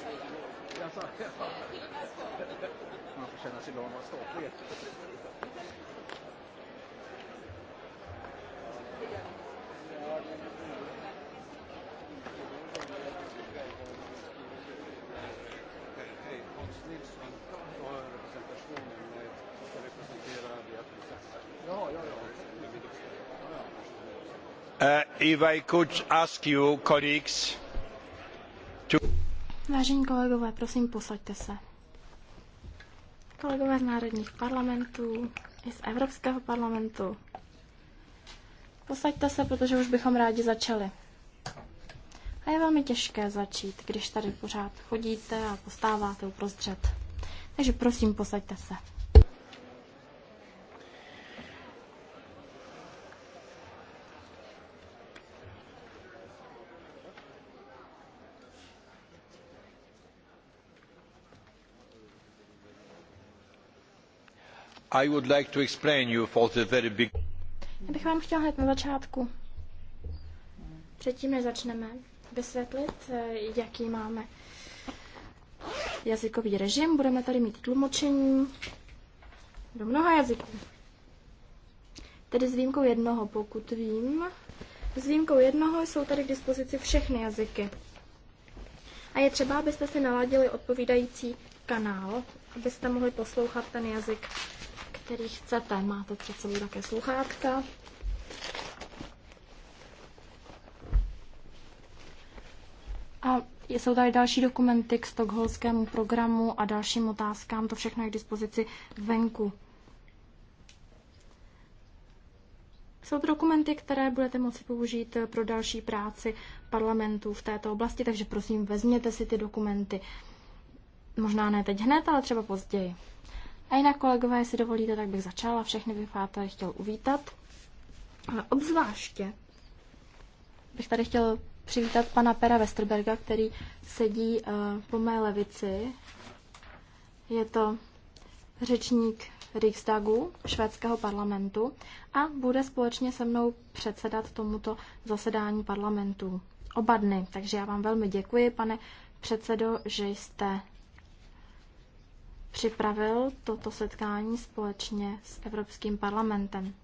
Man får känna sig glad man har er. Uh, if I could ask you, colleagues, Vážení kolegové, prosím, posaďte se. Kolegové z národních parlamentů i z Evropského parlamentu, posaďte se, protože už bychom rádi začali. A je velmi těžké začít, když tady pořád chodíte a postáváte uprostřed. Takže prosím, posaďte se. Já bych vám chtěla hned na začátku, předtím než začneme, vysvětlit, eh, jaký máme jazykový režim. Budeme tady mít tlumočení do mnoha jazyků. Tedy s výjimkou jednoho, pokud vím. S výjimkou jednoho jsou tady k dispozici všechny jazyky. A je třeba, abyste si naladili odpovídající kanál, abyste mohli poslouchat ten jazyk, který chcete. Máte před sebou také sluchátka. A jsou tady další dokumenty k stokholskému programu a dalším otázkám. To všechno je k dispozici venku. Jsou to dokumenty, které budete moci použít pro další práci parlamentu v této oblasti, takže prosím, vezměte si ty dokumenty. Možná ne teď hned, ale třeba později. A jinak, kolegové, jestli dovolíte, tak bych začala. Všechny bych tady chtěl uvítat. A obzvláště bych tady chtěl přivítat pana Pera Westerberga, který sedí uh, po mé levici. Je to řečník Riksdagu, švédského parlamentu, a bude společně se mnou předsedat tomuto zasedání parlamentu oba dny. Takže já vám velmi děkuji, pane předsedo, že jste připravil toto setkání společně s Evropským parlamentem.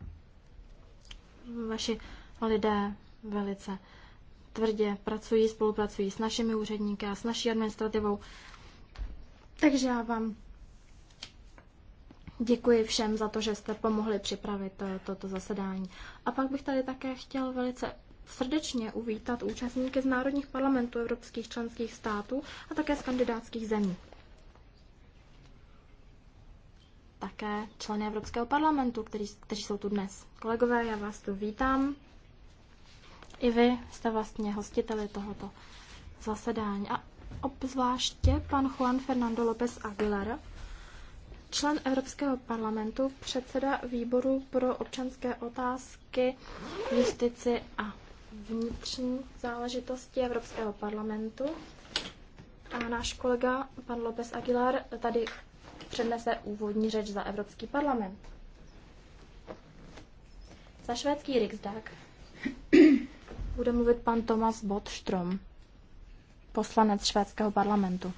Vaši lidé velice tvrdě pracují, spolupracují s našimi úředníky a s naší administrativou. Takže já vám děkuji všem za to, že jste pomohli připravit eh, toto zasedání. A pak bych tady také chtěl velice srdečně uvítat účastníky z národních parlamentů evropských členských států a také z kandidátských zemí. také členy Evropského parlamentu, kteří, kteří jsou tu dnes. Kolegové, já vás tu vítám. I vy jste vlastně hostiteli tohoto zasedání. A obzvláště pan Juan Fernando López Aguilar, člen Evropského parlamentu, předseda výboru pro občanské otázky, justici a vnitřní záležitosti Evropského parlamentu. A náš kolega, pan López Aguilar, tady přednese úvodní řeč za Evropský parlament. Za švédský Riksdag bude mluvit pan Tomas Bodström, poslanec švédského parlamentu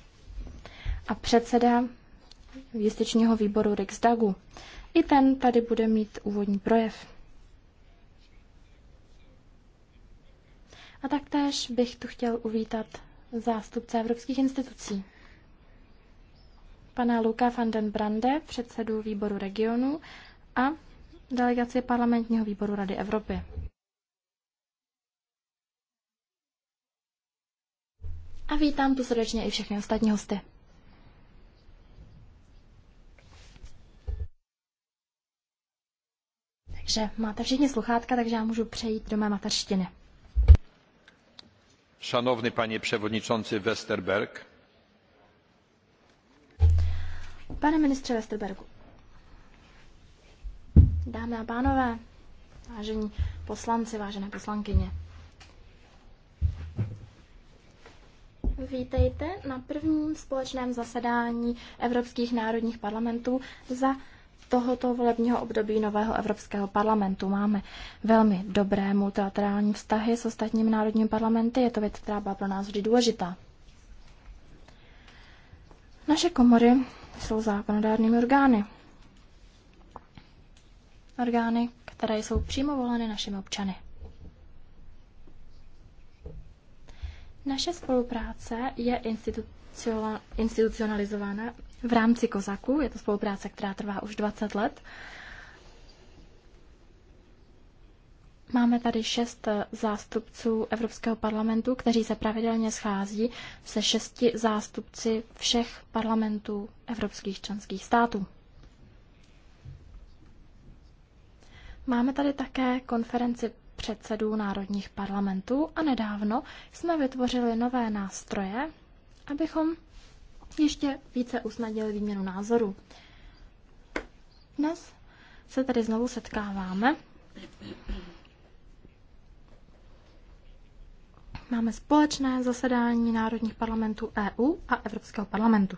a předseda justičního výboru Riksdagu. I ten tady bude mít úvodní projev. A taktéž bych tu chtěl uvítat zástupce evropských institucí pana Luka van den Brande, předsedu výboru regionu a delegaci parlamentního výboru Rady Evropy. A vítám tu srdečně i všechny ostatní hosty. Takže máte všichni sluchátka, takže já můžu přejít do mé mateřštiny. Szanowny panie przewodniczący Westerberg, Pane ministře Westerbergu, dámy a pánové, vážení poslanci, vážené poslankyně, Vítejte na prvním společném zasedání Evropských národních parlamentů za tohoto volebního období nového Evropského parlamentu. Máme velmi dobré multilaterální vztahy s ostatními národními parlamenty. Je to věc, která byla pro nás vždy důležitá. Naše komory jsou zákonodárnými orgány. Orgány, které jsou přímo voleny našimi občany. Naše spolupráce je institucionalizována v rámci Kozaku. Je to spolupráce, která trvá už 20 let Máme tady šest eh, zástupců Evropského parlamentu, kteří se pravidelně schází se šesti zástupci všech parlamentů evropských členských států. Máme tady také konferenci předsedů národních parlamentů a nedávno jsme vytvořili nové nástroje, abychom ještě více usnadnili výměnu názorů. Dnes se tady znovu setkáváme Máme společné zasedání národních parlamentů EU a Evropského parlamentu.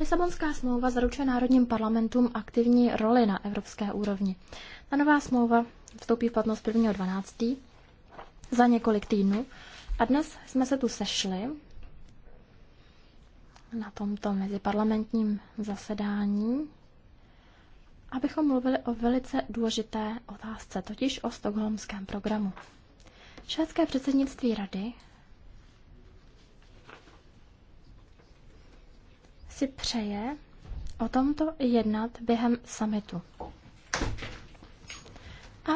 Lisabonská smlouva zaručuje národním parlamentům aktivní roli na evropské úrovni. Ta nová smlouva vstoupí v platnost 1.12. za několik týdnů. A dnes jsme se tu sešli na tomto meziparlamentním zasedání abychom mluvili o velice důležité otázce, totiž o stokholmském programu. Švédské předsednictví rady si přeje o tomto jednat během summitu. A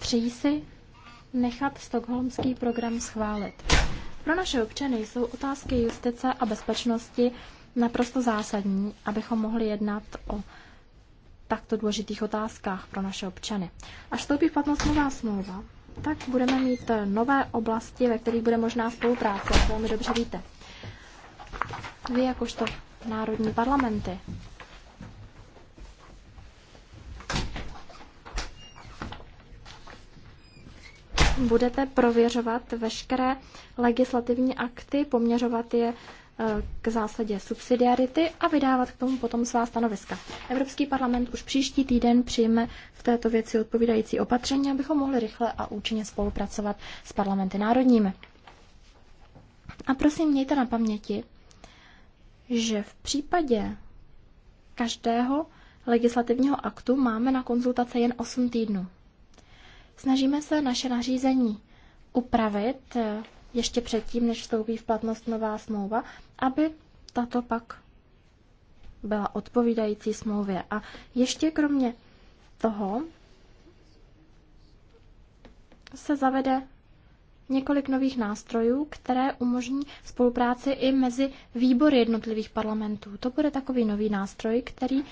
přeji si nechat stokholmský program schválit. Pro naše občany jsou otázky justice a bezpečnosti naprosto zásadní, abychom mohli jednat o takto důležitých otázkách pro naše občany. Až vstoupí v platnost nová smlouva, tak budeme mít eh, nové oblasti, ve kterých bude možná spolupráce, jak velmi dobře víte. Vy jakožto národní parlamenty. Budete prověřovat veškeré legislativní akty, poměřovat je k zásadě subsidiarity a vydávat k tomu potom svá stanoviska. Evropský parlament už příští týden přijme v této věci odpovídající opatření, abychom mohli rychle a účinně spolupracovat s parlamenty národními. A prosím, mějte na paměti, že v případě každého legislativního aktu máme na konzultace jen 8 týdnů. Snažíme se naše nařízení upravit ještě předtím, než vstoupí v platnost nová smlouva, aby tato pak byla odpovídající smlouvě. A ještě kromě toho se zavede několik nových nástrojů, které umožní spolupráci i mezi výbory jednotlivých parlamentů. To bude takový nový nástroj, který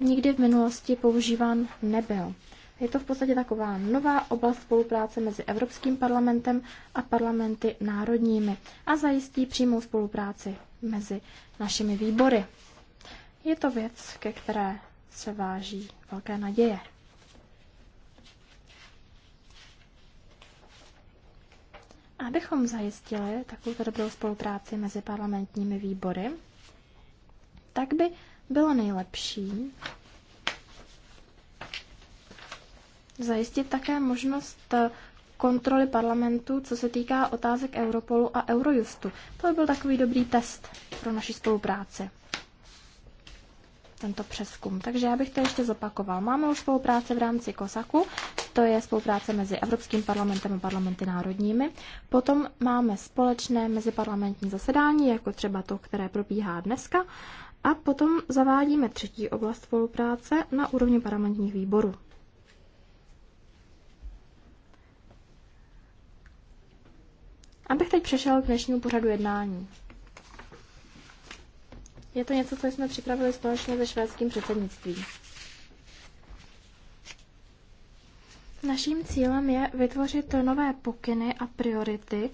nikdy v minulosti používán nebyl. Je to v podstatě taková nová oblast spolupráce mezi Evropským parlamentem a parlamenty národními a zajistí přímou spolupráci mezi našimi výbory. Je to věc, ke které se váží velké naděje. Abychom zajistili takovou dobrou spolupráci mezi parlamentními výbory, tak by bylo nejlepší, zajistit také možnost eh, kontroly parlamentu, co se týká otázek Europolu a Eurojustu. To by byl takový dobrý test pro naši spolupráci. Tento přeskum. Takže já bych to ještě zopakoval. Máme už spolupráce v rámci COSACu, to je spolupráce mezi Evropským parlamentem a parlamenty národními. Potom máme společné meziparlamentní zasedání, jako třeba to, které probíhá dneska. A potom zavádíme třetí oblast spolupráce na úrovni parlamentních výborů. Abych teď přešel k dnešnímu pořadu jednání. Je to něco, co jsme připravili společně se švédským předsednictvím. Naším cílem je vytvořit nové pokyny a priority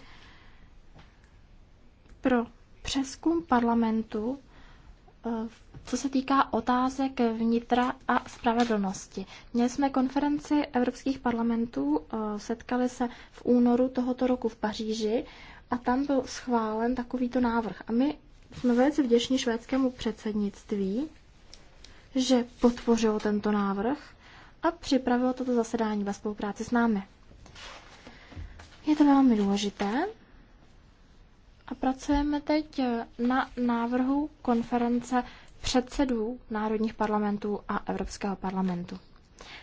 pro přeskum parlamentu v eh, co se týká otázek vnitra a spravedlnosti. Měli jsme konferenci evropských parlamentů, eh, setkali se v únoru tohoto roku v Paříži a tam byl schválen takovýto návrh. A my jsme velice vděční švédskému předsednictví, že podpořilo tento návrh a připravilo toto zasedání ve spolupráci s námi. Je to velmi důležité a pracujeme teď na návrhu konference předsedů národních parlamentů a Evropského parlamentu.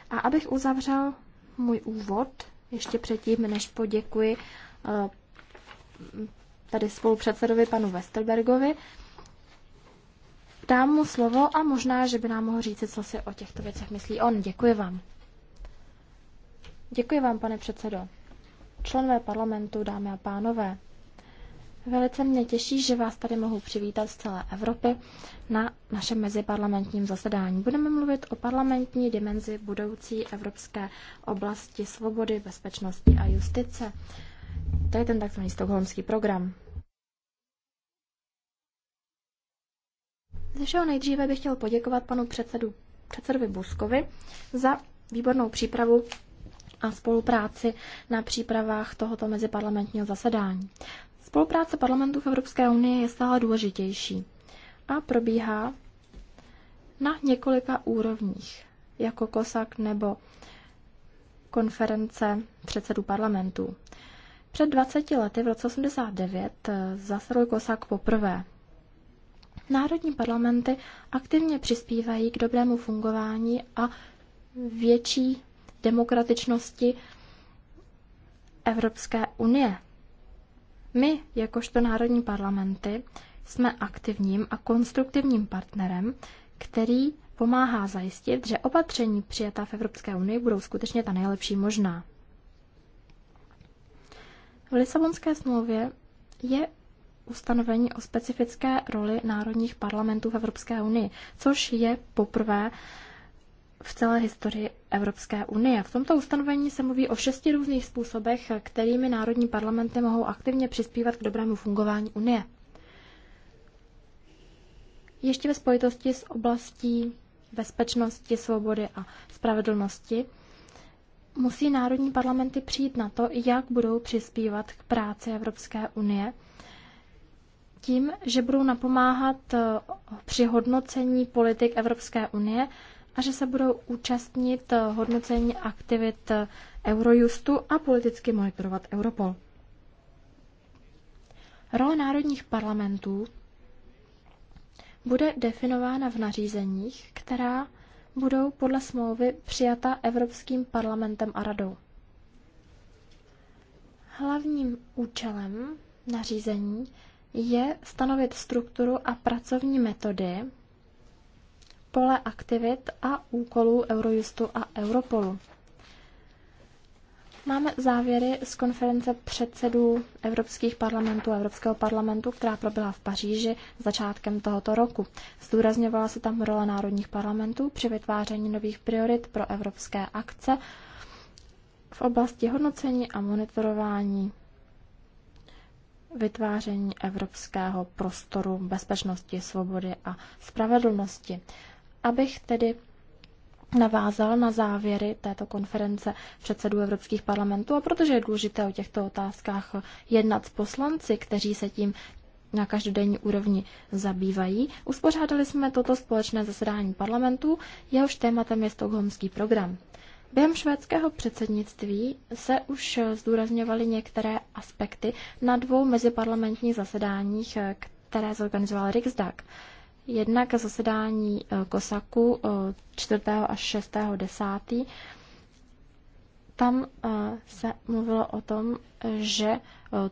A abych uzavřel můj úvod, ještě předtím, než poděkuji eh, tady spolupředsedovi panu Westerbergovi, dám mu slovo a možná, že by nám mohl říct co si o těchto věcech myslí on. Děkuji vám. Děkuji vám, pane předsedo. Členové parlamentu, dámy a pánové, Velice mě těší, že vás tady mohu přivítat z celé Evropy na našem meziparlamentním zasedání. Budeme mluvit o parlamentní dimenzi budoucí evropské oblasti svobody, bezpečnosti a justice. To je ten takzvaný stokholmský program. Ze všeho nejdříve bych chtěl poděkovat panu předsedu, předsedovi Buskovi za výbornou přípravu a spolupráci na přípravách tohoto meziparlamentního zasedání. Spolupráce parlamentů v Evropské unii je stále důležitější a probíhá na několika úrovních, jako kosak nebo konference předsedů parlamentů. Před 20 lety, v roce 89, eh, zasedl kosak poprvé. Národní parlamenty aktivně přispívají k dobrému fungování a větší demokratičnosti Evropské unie. My, jakožto národní parlamenty, jsme aktivním a konstruktivním partnerem, který pomáhá zajistit, že opatření přijatá v Evropské unii budou skutečně ta nejlepší možná. V Lisabonské smlouvě je ustanovení o specifické roli národních parlamentů v Evropské unii, což je poprvé v celé historii Evropské unie. V tomto ustanovení se mluví o šesti různých způsobech, kterými národní parlamenty mohou aktivně přispívat k dobrému fungování unie. Ještě ve spojitosti s oblastí bezpečnosti, svobody a spravedlnosti musí národní parlamenty přijít na to, jak budou přispívat k práci Evropské unie tím, že budou napomáhat při hodnocení politik Evropské unie a že se budou účastnit eh, hodnocení aktivit eh, Eurojustu a politicky monitorovat Europol. Role národních parlamentů bude definována v nařízeních, která budou podle smlouvy přijata Evropským parlamentem a radou. Hlavním účelem nařízení je stanovit strukturu a pracovní metody pole aktivit a úkolů Eurojustu a Europolu. Máme závěry z konference předsedů Evropských parlamentů Evropského parlamentu, která proběhla v Paříži začátkem tohoto roku. Zdůrazňovala se tam role národních parlamentů při vytváření nových priorit pro evropské akce v oblasti hodnocení a monitorování vytváření evropského prostoru bezpečnosti, svobody a spravedlnosti. Abych tedy navázal na závěry této konference předsedů Evropských parlamentů a protože je důležité o těchto otázkách jednat s poslanci, kteří se tím na každodenní úrovni zabývají, uspořádali jsme toto společné zasedání parlamentů, jehož tématem je Stockholmský program. Během švédského předsednictví se už zdůrazňovaly některé aspekty na dvou meziparlamentních zasedáních, které zorganizoval Riksdag. Jednak zasedání eh, Kosaku 4. Eh, až 6. 10. Tam eh, se mluvilo o tom, že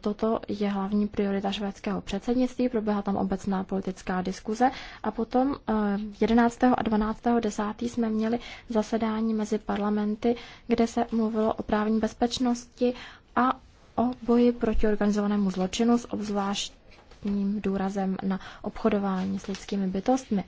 toto je hlavní priorita švédského předsednictví, proběhla tam obecná politická diskuze a potom 11. a 12. 10. jsme měli zasedání mezi parlamenty, kde se mluvilo o právní bezpečnosti a o boji proti organizovanému zločinu s obzvlášť zvláštním důrazem na obchodování s lidskými bytostmi.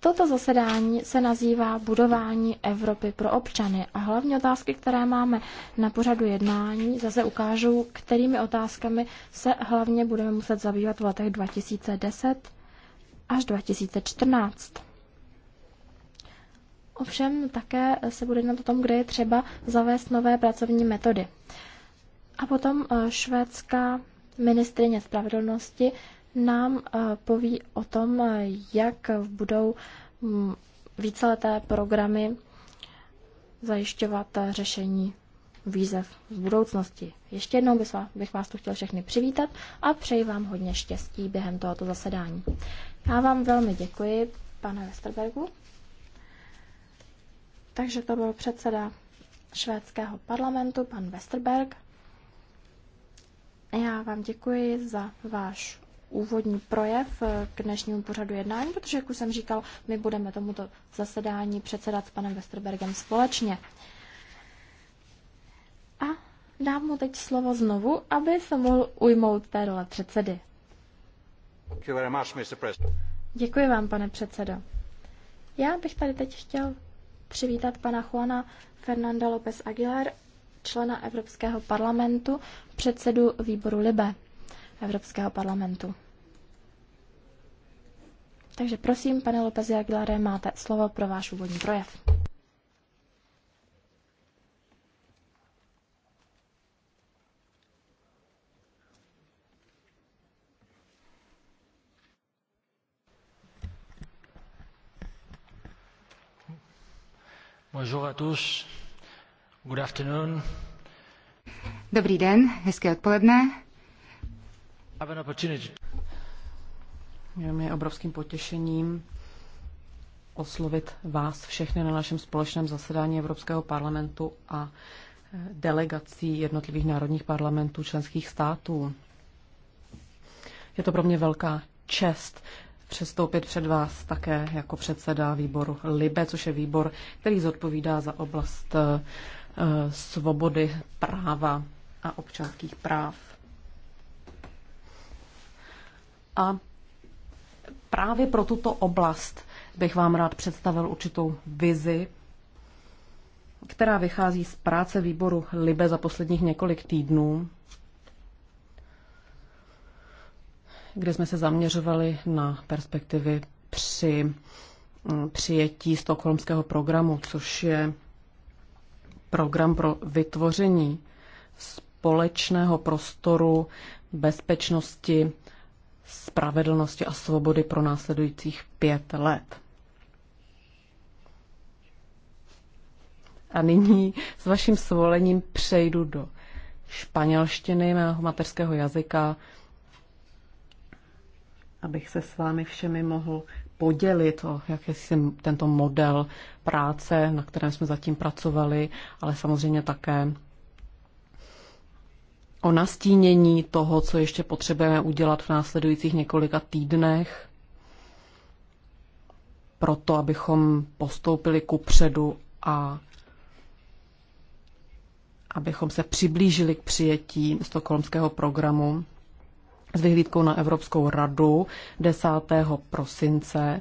Toto zasedání se nazývá Budování Evropy pro občany a hlavní otázky, které máme na pořadu jednání, zase ukážou, kterými otázkami se hlavně budeme muset zabývat v letech 2010 až 2014. Ovšem také se bude na o tom, kde je třeba zavést nové pracovní metody. A potom eh, švédská ministrině spravedlnosti nám eh, poví o tom, eh, jak budou mm, víceleté programy zajišťovat eh, řešení výzev v budoucnosti. Ještě jednou bych vás tu chtěl všechny přivítat a přeji vám hodně štěstí během tohoto zasedání. Já vám velmi děkuji, pane Westerbergu. Takže to byl předseda švédského parlamentu, pan Westerberg. Já vám děkuji za váš úvodní projev k dnešnímu pořadu jednání, protože, jak už jsem říkal, my budeme tomuto zasedání předsedat s panem Westerbergem společně. A dám mu teď slovo znovu, aby se mohl ujmout té role předsedy. Děkuji vám, pane předsedo. Já bych tady teď chtěl přivítat pana Juana Fernanda López Aguilar člena Evropského parlamentu, předsedu výboru Libe Evropského parlamentu. Takže prosím, pane López Aguilaré, máte slovo pro váš úvodní projev. Bonjour à tous. Good afternoon. Dobrý den, hezké odpoledne. Have an opportunity. Je mi obrovským potěšením oslovit vás všechny na našem společném zasedání Evropského parlamentu a eh, delegací jednotlivých národních parlamentů členských států. Je to pro mě velká čest přestoupit před vás také jako předseda výboru LIBE, což je výbor, který zodpovídá za oblast eh, Eh, svobody, práva a občanských práv. A právě pro tuto oblast bych vám rád představil určitou vizi, která vychází z práce výboru Libe za posledních několik týdnů, kde jsme se zaměřovali na perspektivy při mm, přijetí stokholmského programu, což je program pro vytvoření společného prostoru bezpečnosti, spravedlnosti a svobody pro následujících pět let. A nyní s vaším svolením přejdu do španělštiny, mého mateřského jazyka, abych se s vámi všemi mohl podělit o jakýsi tento model práce, na kterém jsme zatím pracovali, ale samozřejmě také o nastínění toho, co ještě potřebujeme udělat v následujících několika týdnech, proto abychom postoupili ku předu a abychom se přiblížili k přijetí stokholmského programu s vyhlídkou na Evropskou radu 10. prosince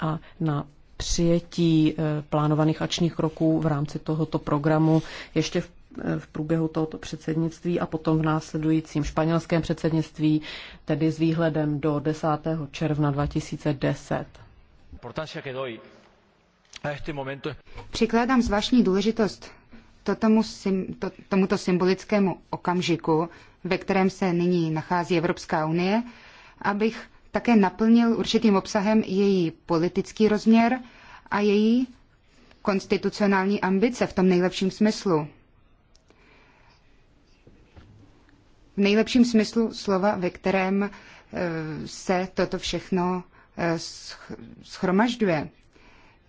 a na přijetí eh, plánovaných ačních kroků v rámci tohoto programu ještě v eh, v průběhu tohoto předsednictví a potom v následujícím španělském předsednictví, tedy s výhledem do 10. června 2010. Přikládám zvláštní důležitost totomu, to, tomuto symbolickému okamžiku, ve kterém se nyní nachází Evropská unie, abych také naplnil určitým obsahem její politický rozměr a její konstitucionální ambice v tom nejlepším smyslu. V nejlepším smyslu slova, ve kterém e, se toto všechno e, schromažďuje.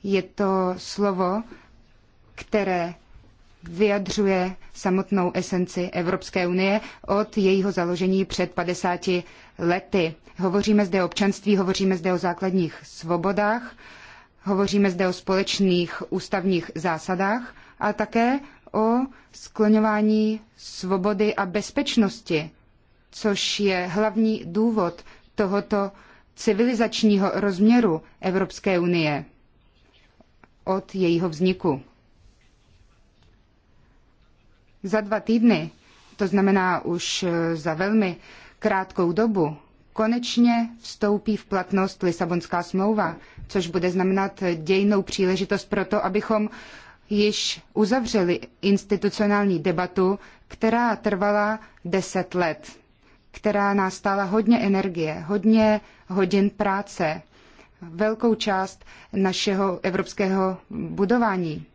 Je to slovo, které vyjadřuje samotnou esenci Evropské unie od jejího založení před 50 lety. Hovoříme zde o občanství, hovoříme zde o základních svobodách, hovoříme zde o společných ústavních zásadách a také o skloňování svobody a bezpečnosti, což je hlavní důvod tohoto civilizačního rozměru Evropské unie od jejího vzniku za dva týdny, to znamená už eh, za velmi krátkou dobu, konečně vstoupí v platnost Lisabonská smlouva, což bude znamenat dějnou příležitost pro to, abychom již uzavřeli institucionální debatu, která trvala deset let, která nás stála hodně energie, hodně hodin práce, velkou část našeho evropského budování.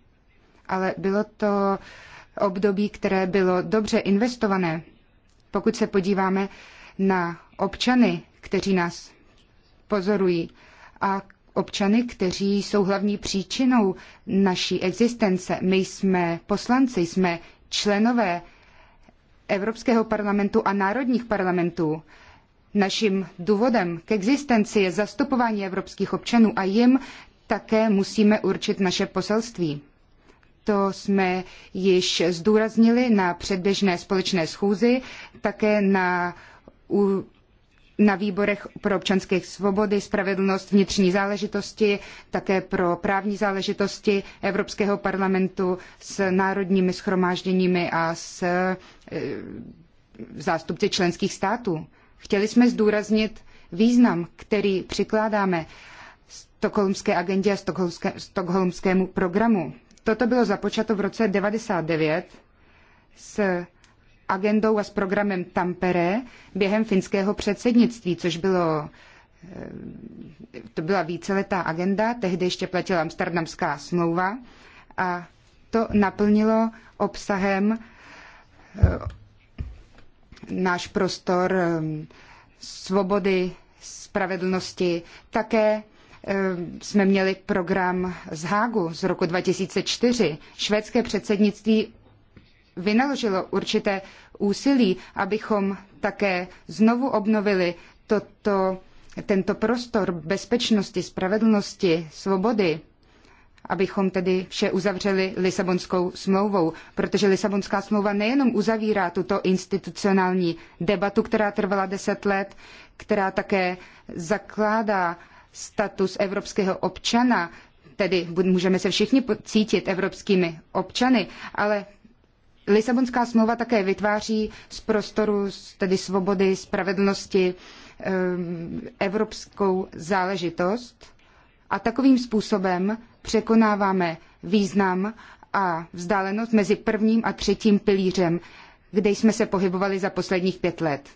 Ale bylo to období, které bylo dobře investované. Pokud se podíváme na občany, kteří nás pozorují a občany, kteří jsou hlavní příčinou naší existence. My jsme poslanci, jsme členové Evropského parlamentu a národních parlamentů. Naším důvodem k existenci je zastupování evropských občanů a jim také musíme určit naše poselství. To jsme již zdůraznili na předběžné společné schůzi, také na na výborech pro občanské svobody, spravedlnost, vnitřní záležitosti, také pro právní záležitosti Evropského parlamentu s národními schromážděními a s e, zástupci členských států. Chtěli jsme zdůraznit význam, který přikládáme stokholmské agendě a stokholmskému programu. Toto bylo započato v roce 99 s agendou a s programem Tampere během finského předsednictví, což bylo eh, to byla víceletá agenda, tehdy ještě platila Amsterdamská smlouva a to naplnilo obsahem eh, náš prostor eh, svobody, spravedlnosti, také Eh, jsme měli program z Hágu z roku 2004. Švédské předsednictví vynaložilo určité úsilí, abychom také znovu obnovili toto, tento prostor bezpečnosti, spravedlnosti, svobody, abychom tedy vše uzavřeli Lisabonskou smlouvou, protože Lisabonská smlouva nejenom uzavírá tuto institucionální debatu, která trvala deset let, která také zakládá status evropského občana, tedy můžeme se všichni cítit evropskými občany, ale Lisabonská smlouva také vytváří z prostoru tedy svobody, spravedlnosti ehm, evropskou záležitost a takovým způsobem překonáváme význam a vzdálenost mezi prvním a třetím pilířem, kde jsme se pohybovali za posledních pět let.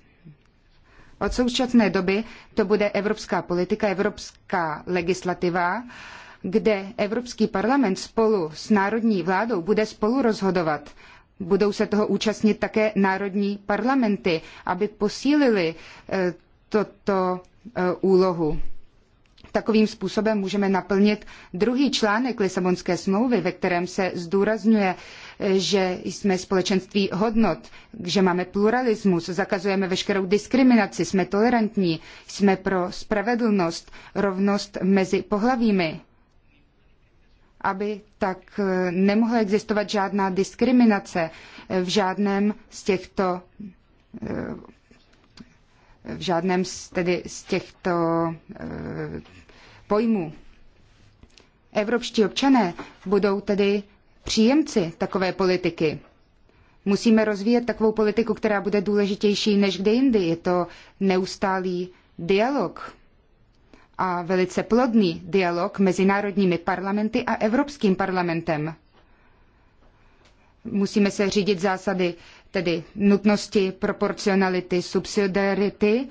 Od současné doby to bude evropská politika, evropská legislativa, kde Evropský parlament spolu s národní vládou bude spolu rozhodovat. Budou se toho účastnit také národní parlamenty, aby posílili eh, toto eh, úlohu. Takovým způsobem můžeme naplnit druhý článek Lisabonské smlouvy, ve kterém se zdůrazňuje že jsme společenství hodnot, že máme pluralismus, zakazujeme veškerou diskriminaci, jsme tolerantní, jsme pro spravedlnost, rovnost mezi pohlavími, aby tak eh, nemohla existovat žádná diskriminace eh, v žádném z těchto eh, v žádném z, tedy z těchto pojmů. Evropští občané budou tedy příjemci takové politiky. Musíme rozvíjet takovou politiku, která bude důležitější než kde jindy. Je to neustálý dialog a velice plodný dialog mezi národními parlamenty a Evropským parlamentem. Musíme se řídit zásady tedy nutnosti, proporcionality, subsidiarity,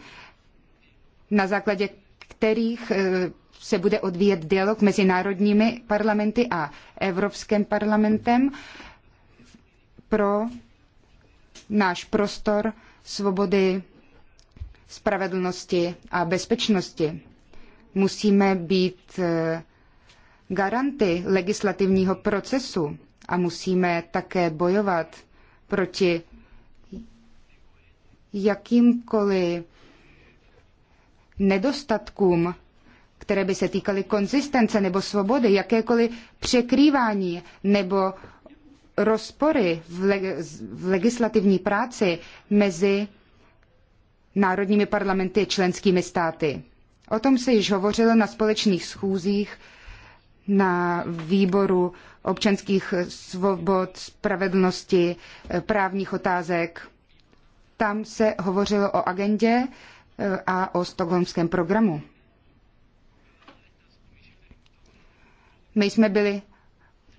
na základě kterých eh, se bude odvíjet dialog mezi národními parlamenty a Evropským parlamentem pro náš prostor svobody, spravedlnosti a bezpečnosti. Musíme být eh, garanty legislativního procesu a musíme také bojovat proti jakýmkoliv nedostatkům které by se týkaly konzistence nebo svobody, jakékoliv překrývání nebo rozpory v, v legislativní práci mezi národními parlamenty a členskými státy. O tom se již hovořilo na společných schůzích na výboru občanských svobod, spravedlnosti, právních otázek. Tam se hovořilo o agendě e, a o stokholmském programu. My jsme byli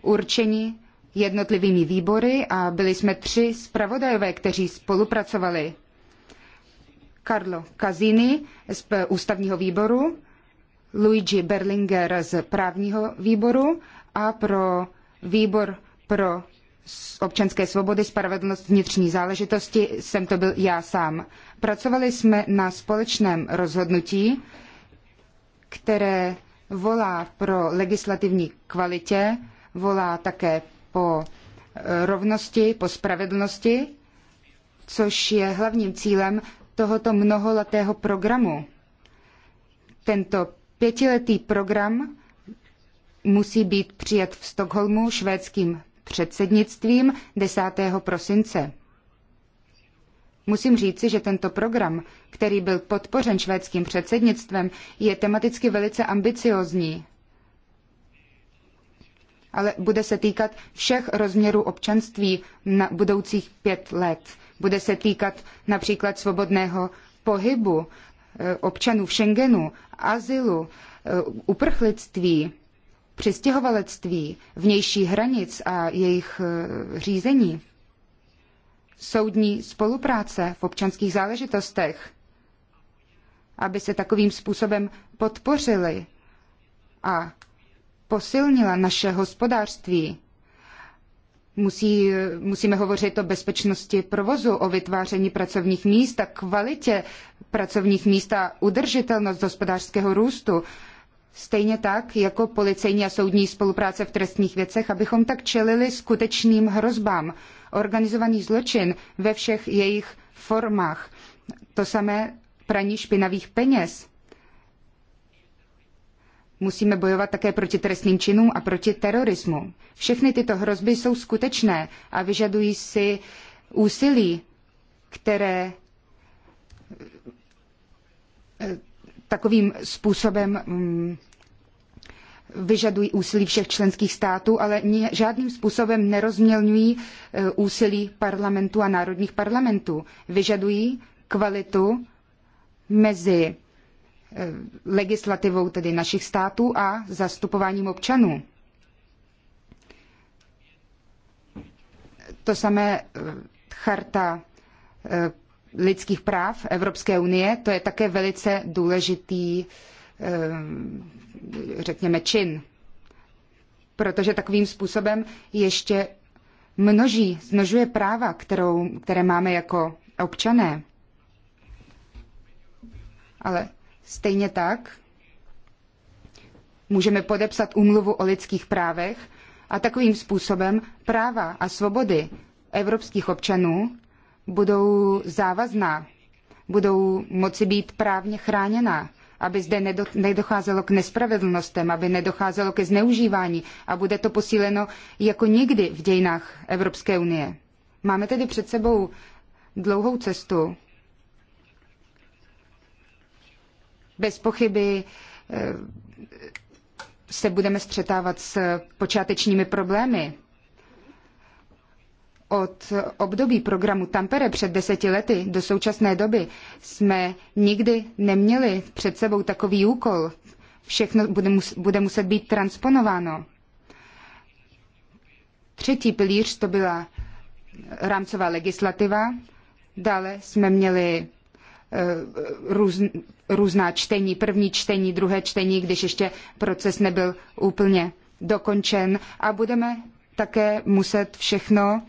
určeni jednotlivými výbory a byli jsme tři zpravodajové, kteří spolupracovali. Carlo Casini z ústavního výboru, Luigi Berlinger z právního výboru a pro výbor pro občanské svobody, spravedlnost vnitřní záležitosti jsem to byl já sám. Pracovali jsme na společném rozhodnutí, které volá pro legislativní kvalitě, volá také po eh, rovnosti, po spravedlnosti, což je hlavním cílem tohoto mnoholetého programu. Tento pětiletý program musí být přijat v Stockholmu švédským předsednictvím 10. prosince. Musím říci, že tento program, který byl podpořen švédským předsednictvem, je tematicky velice ambiciózní, ale bude se týkat všech rozměrů občanství na budoucích pět let. Bude se týkat například svobodného pohybu eh, občanů v Schengenu, azylu, eh, uprchlictví, přistěhovalectví, vnějších hranic a jejich eh, řízení soudní spolupráce v občanských záležitostech, aby se takovým způsobem podpořili a posilnila naše hospodářství. Musí, musíme hovořit o bezpečnosti provozu, o vytváření pracovních míst a kvalitě pracovních míst a udržitelnost hospodářského růstu. Stejně tak jako policejní a soudní spolupráce v trestních věcech, abychom tak čelili skutečným hrozbám organizovaný zločin ve všech jejich formách. To samé praní špinavých peněz. Musíme bojovat také proti trestným činům a proti terorismu. Všechny tyto hrozby jsou skutečné a vyžadují si úsilí, které eh, takovým způsobem mm, vyžadují úsilí všech členských států, ale žádným způsobem nerozmělňují e, úsilí parlamentu a národních parlamentů. Vyžadují kvalitu mezi e, legislativou tedy našich států a zastupováním občanů. To samé e, charta lidských práv Evropské unie, to je také velice důležitý Eh, řekněme, čin. Protože takovým způsobem ještě množí, znožuje práva, kterou, které máme jako občané. Ale stejně tak můžeme podepsat úmluvu o lidských právech a takovým způsobem práva a svobody evropských občanů budou závazná, budou moci být právně chráněna aby zde nedocházelo k nespravedlnostem, aby nedocházelo ke zneužívání a bude to posíleno jako nikdy v dějinách Evropské unie. Máme tedy před sebou dlouhou cestu. Bez pochyby eh, se budeme střetávat s počátečními problémy. Od období programu Tampere před deseti lety do současné doby jsme nikdy neměli před sebou takový úkol. Všechno bude, mus, bude muset být transponováno. Třetí pilíř to byla rámcová legislativa. Dále jsme měli e, různá čtení, první čtení, druhé čtení, když ještě proces nebyl úplně dokončen. A budeme také muset všechno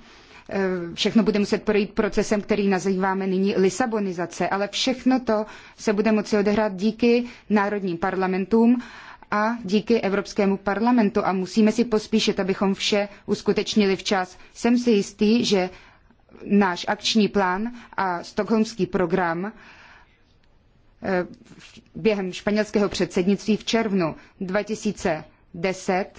Eh, všechno bude muset projít procesem, který nazýváme nyní Lisabonizace, ale všechno to se bude moci odehrát díky národním parlamentům a díky Evropskému parlamentu a musíme si pospíšit, abychom vše uskutečnili včas. Jsem si jistý, že náš akční plán a stokholmský program eh, během španělského předsednictví v červnu 2010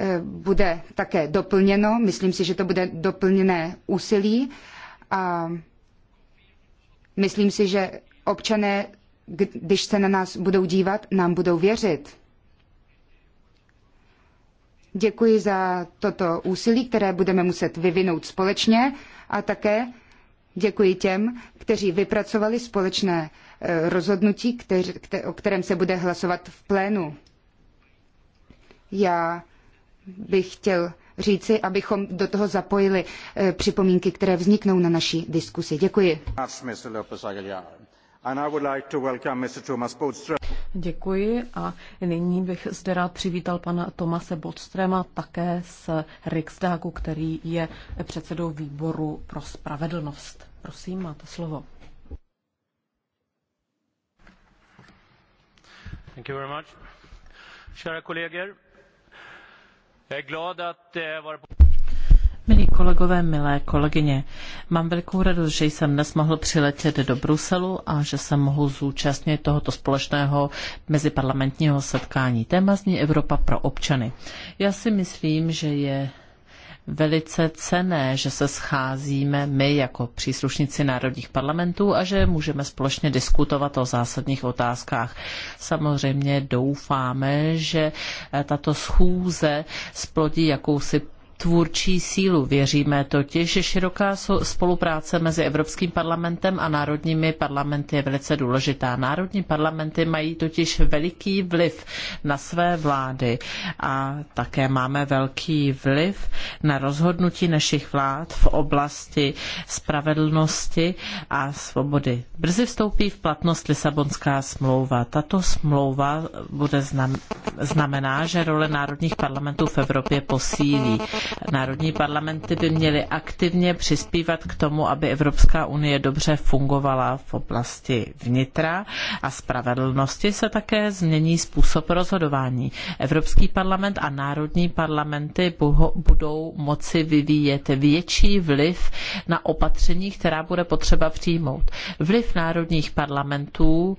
Eh, bude také doplněno. Myslím si, že to bude doplněné úsilí a myslím si, že občané, když se na nás budou dívat, nám budou věřit. Děkuji za toto úsilí, které budeme muset vyvinout společně a také děkuji těm, kteří vypracovali společné eh, rozhodnutí, o kterém se bude hlasovat v plénu. Já bych chtěl říci, abychom do toho zapojili eh, připomínky, které vzniknou na naší diskusi. Děkuji. Děkuji a nyní bych zde rád přivítal pana Tomase Bodstrema také z Riksdagu, který je předsedou výboru pro spravedlnost. Prosím, máte slovo. Thank you very much. Kära Eh, Milí kolegové, milé kolegyně, mám velikou radost, že jsem dnes mohl přiletět do Bruselu a že se mohu zúčastnit tohoto společného meziparlamentního setkání. Téma zní Evropa pro občany. Já si myslím, že je velice cené, že se scházíme my jako příslušníci národních parlamentů a že můžeme společně diskutovat o zásadních otázkách. Samozřejmě doufáme, že eh, tato schůze splodí jakousi tvůrčí sílu. Věříme totiž, že široká spolupráce mezi Evropským parlamentem a národními parlamenty je velice důležitá. Národní parlamenty mají totiž veliký vliv na své vlády a také máme velký vliv na rozhodnutí našich vlád v oblasti spravedlnosti a svobody. Brzy vstoupí v platnost Lisabonská smlouva. Tato smlouva bude znamená, že role národních parlamentů v Evropě posílí. Národní parlamenty by měly aktivně přispívat k tomu, aby Evropská unie dobře fungovala v oblasti vnitra a spravedlnosti se také změní způsob rozhodování. Evropský parlament a národní parlamenty budou moci vyvíjet větší vliv na opatření, která bude potřeba přijmout. Vliv národních parlamentů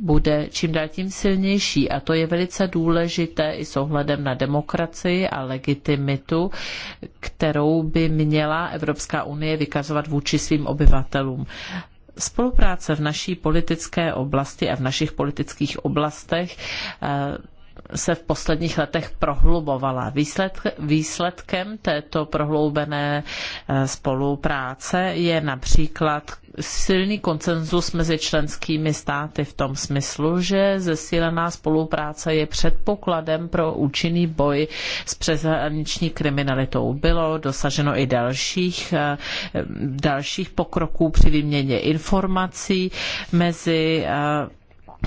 bude čím dál tím silnější a to je velice důležité i s ohledem na demokracii a legitimitu, kterou by měla Evropská unie vykazovat vůči svým obyvatelům. Spolupráce v naší politické oblasti a v našich politických oblastech eh, se v posledních letech prohlubovala. výsledkem této prohloubené eh, spolupráce je například silný konsenzus mezi členskými státy v tom smyslu, že zesílená spolupráce je předpokladem pro účinný boj s přeshraniční kriminalitou. Bylo dosaženo i dalších, eh, dalších pokroků při výměně informací mezi eh,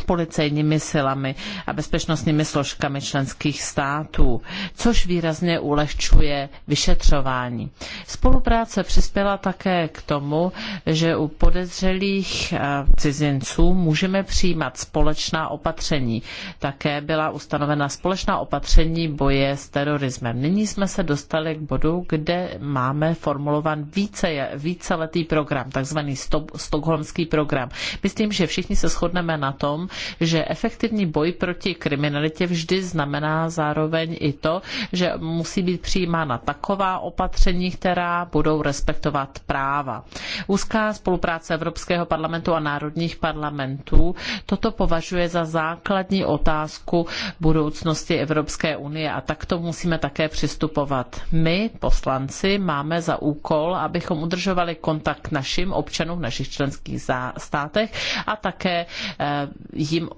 policejními silami a bezpečnostními složkami členských států, což výrazně ulehčuje vyšetřování. Spolupráce přispěla také k tomu, že u podezřelých eh, cizinců můžeme přijímat společná opatření. Také byla ustanovena společná opatření boje s terorismem. Nyní jsme se dostali k bodu, kde máme formulovan více, víceletý program, takzvaný Stockholmský program. Myslím, že všichni se shodneme na tom, že efektivní boj proti kriminalitě vždy znamená zároveň i to, že musí být přijímána taková opatření, která budou respektovat práva. Úzká spolupráce Evropského parlamentu a národních parlamentů toto považuje za základní otázku budoucnosti Evropské unie a tak to musíme také přistupovat. My, poslanci, máme za úkol, abychom udržovali kontakt našim občanům v našich členských státech a také eh, jim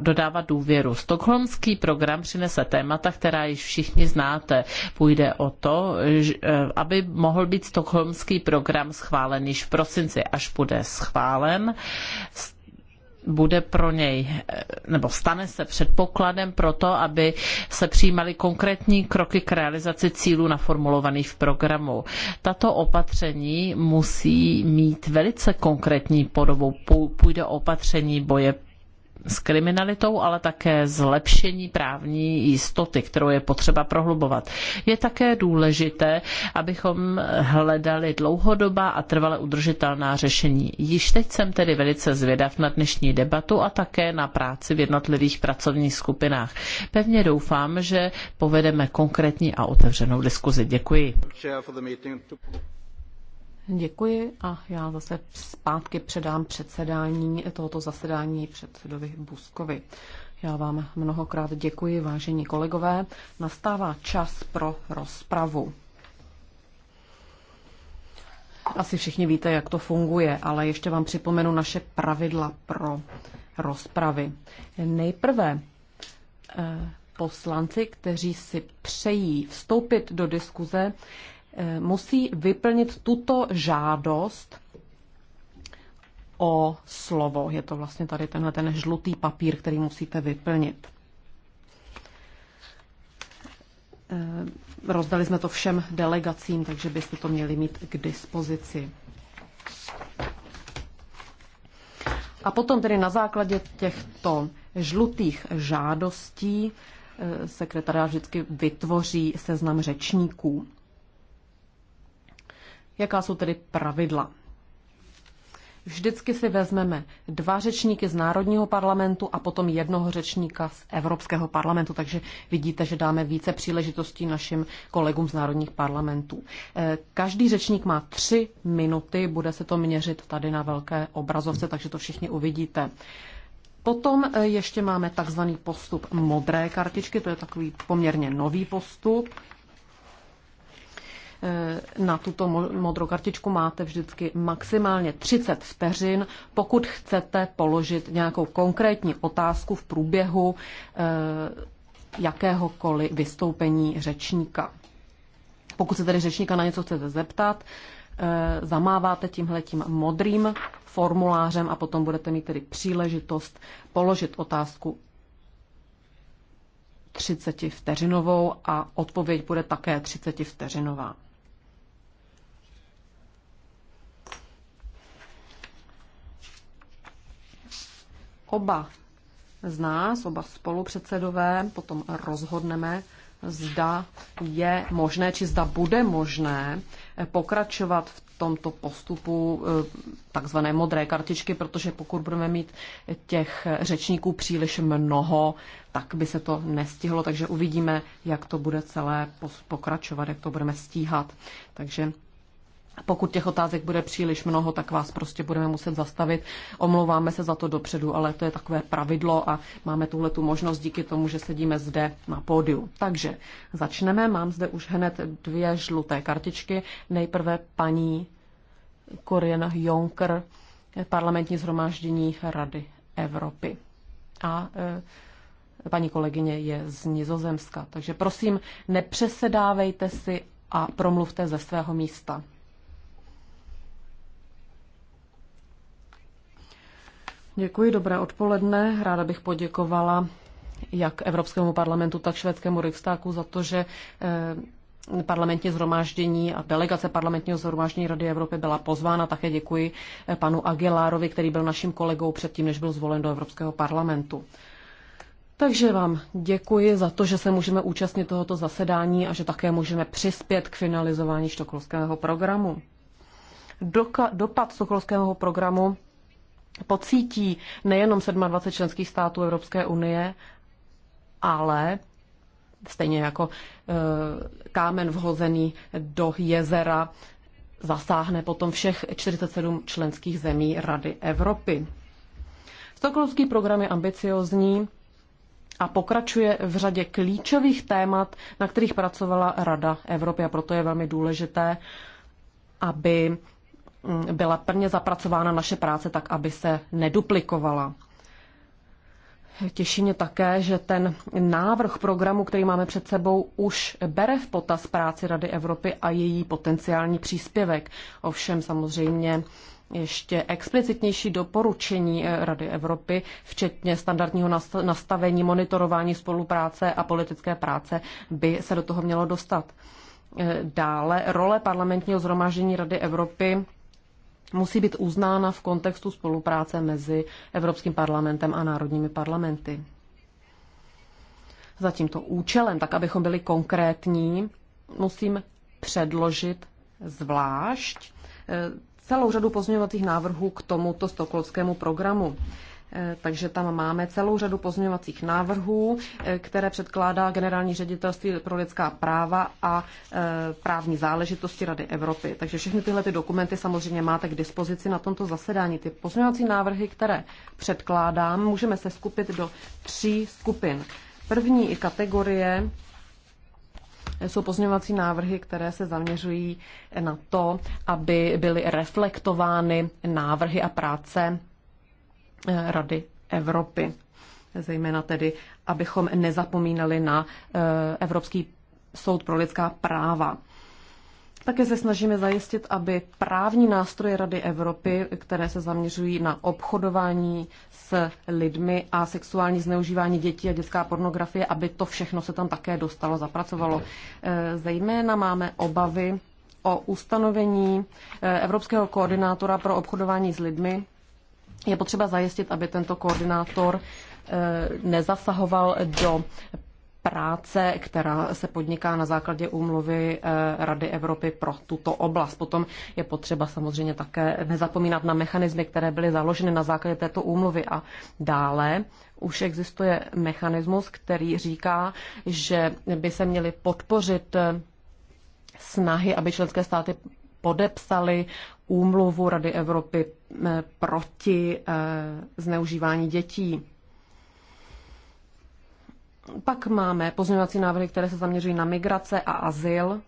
dodávat důvěru. Stockholmský program přinese témata, která již všichni znáte. Půjde o to, eh, aby mohl být stockholmský program schválen již v prosinci, až bude schválen bude pro něj, eh, nebo stane se předpokladem pro to, aby se přijímaly konkrétní kroky k realizaci cílů naformulovaných v programu. Tato opatření musí mít velice konkrétní podobu. Půjde o opatření boje s kriminalitou, ale také zlepšení právní jistoty, kterou je potřeba prohlubovat. Je také důležité, abychom hledali dlouhodobá a trvale udržitelná řešení. Již teď jsem tedy velice zvědav na dnešní debatu a také na práci v jednotlivých pracovních skupinách. Pevně doufám, že povedeme konkrétní a otevřenou diskuzi. Děkuji. Děkuji a já zase zpátky předám předsedání tohoto zasedání předsedovi Buskovi. Já vám mnohokrát děkuji, vážení kolegové. Nastává čas pro rozpravu. Asi všichni víte, jak to funguje, ale ještě vám připomenu naše pravidla pro rozpravy. Nejprve eh, poslanci, kteří si přejí vstoupit do diskuze, musí vyplnit tuto žádost o slovo. Je to vlastně tady tenhle ten žlutý papír, který musíte vyplnit. Eh, rozdali jsme to všem delegacím, takže byste to měli mít k dispozici. A potom tedy na základě těchto žlutých žádostí eh, sekretář vždycky vytvoří seznam řečníků. Jaká jsou tedy pravidla? Vždycky si vezmeme dva řečníky z Národního parlamentu a potom jednoho řečníka z Evropského parlamentu, takže vidíte, že dáme více příležitostí našim kolegům z Národních parlamentů. Eh, každý řečník má tři minuty, bude se to měřit tady na velké obrazovce, takže to všichni uvidíte. Potom eh, ještě máme takzvaný postup modré kartičky, to je takový poměrně nový postup. Eh, na tuto modrou kartičku máte vždycky maximálně 30 vteřin, pokud chcete položit nějakou konkrétní otázku v průběhu eh, jakéhokoliv vystoupení řečníka. Pokud se tedy řečníka na něco chcete zeptat, eh, zamáváte tím modrým formulářem a potom budete mít tedy příležitost položit otázku 30 vteřinovou a odpověď bude také 30 vteřinová. oba z nás, oba spolupředsedové, potom rozhodneme, zda je možné, či zda bude možné pokračovat v tomto postupu eh, takzvané modré kartičky, protože pokud budeme mít těch řečníků příliš mnoho, tak by se to nestihlo, takže uvidíme, jak to bude celé pokračovat, jak to budeme stíhat. Takže pokud těch otázek bude příliš mnoho, tak vás prostě budeme muset zastavit. Omlouváme se za to dopředu, ale to je takové pravidlo a máme tuhle tu možnost díky tomu, že sedíme zde na pódiu. Takže začneme. Mám zde už hned dvě žluté kartičky. Nejprve paní Korin Jonker, parlamentní zhromáždění Rady Evropy. A e, paní kolegyně je z Nizozemska. Takže prosím, nepřesedávejte si a promluvte ze svého místa. Děkuji, dobré odpoledne. Ráda bych poděkovala jak Evropskému parlamentu, tak švédskému Riksdáku za to, že eh, parlamentní zhromáždění a delegace parlamentního zhromáždění Rady Evropy byla pozvána. Také děkuji eh, panu Aguilárovi, který byl naším kolegou předtím, než byl zvolen do Evropského parlamentu. Takže vám děkuji za to, že se můžeme účastnit tohoto zasedání a že také můžeme přispět k finalizování štokholského programu. Doka- dopad stokholského programu pocítí nejenom 27 členských států Evropské unie, ale stejně jako e, kámen vhozený do jezera zasáhne potom všech 47 členských zemí Rady Evropy. Stokholmský program je ambiciozní a pokračuje v řadě klíčových témat, na kterých pracovala Rada Evropy a proto je velmi důležité, aby byla plně zapracována naše práce tak, aby se neduplikovala. Těší mě také, že ten návrh programu, který máme před sebou, už bere v potaz práci Rady Evropy a její potenciální příspěvek. Ovšem samozřejmě ještě explicitnější doporučení Rady Evropy, včetně standardního nastavení, monitorování spolupráce a politické práce, by se do toho mělo dostat. Dále role parlamentního zhromáždění Rady Evropy musí být uznána v kontextu spolupráce mezi Evropským parlamentem a národními parlamenty. Za tímto účelem, tak abychom byli konkrétní, musím předložit zvlášť eh, celou řadu pozměňovacích návrhů k tomuto stokholmskému programu. Eh, takže tam máme celou řadu pozměňovacích návrhů, eh, které předkládá Generální ředitelství pro lidská práva a eh, právní záležitosti Rady Evropy. Takže všechny tyhle ty dokumenty samozřejmě máte k dispozici na tomto zasedání. Ty pozměňovací návrhy, které předkládám, můžeme se skupit do tří skupin. První kategorie jsou pozměňovací návrhy, které se zaměřují na to, aby byly reflektovány návrhy a práce Rady Evropy. Zejména tedy, abychom nezapomínali na eh, Evropský soud pro lidská práva. Také se snažíme zajistit, aby právní nástroje Rady Evropy, které se zaměřují na obchodování s lidmi a sexuální zneužívání dětí a dětská pornografie, aby to všechno se tam také dostalo, zapracovalo. Eh, zejména máme obavy o ustanovení eh, Evropského koordinátora pro obchodování s lidmi, je potřeba zajistit, aby tento koordinátor eh, nezasahoval do práce, která se podniká na základě úmluvy eh, Rady Evropy pro tuto oblast. Potom je potřeba samozřejmě také nezapomínat na mechanismy, které byly založeny na základě této úmluvy. A dále už existuje mechanismus, který říká, že by se měly podpořit eh, snahy, aby členské státy podepsali úmluvu Rady Evropy Eh, proti eh, zneužívání dětí. Pak máme pozměňovací návrhy, které se zaměřují na migrace a azyl.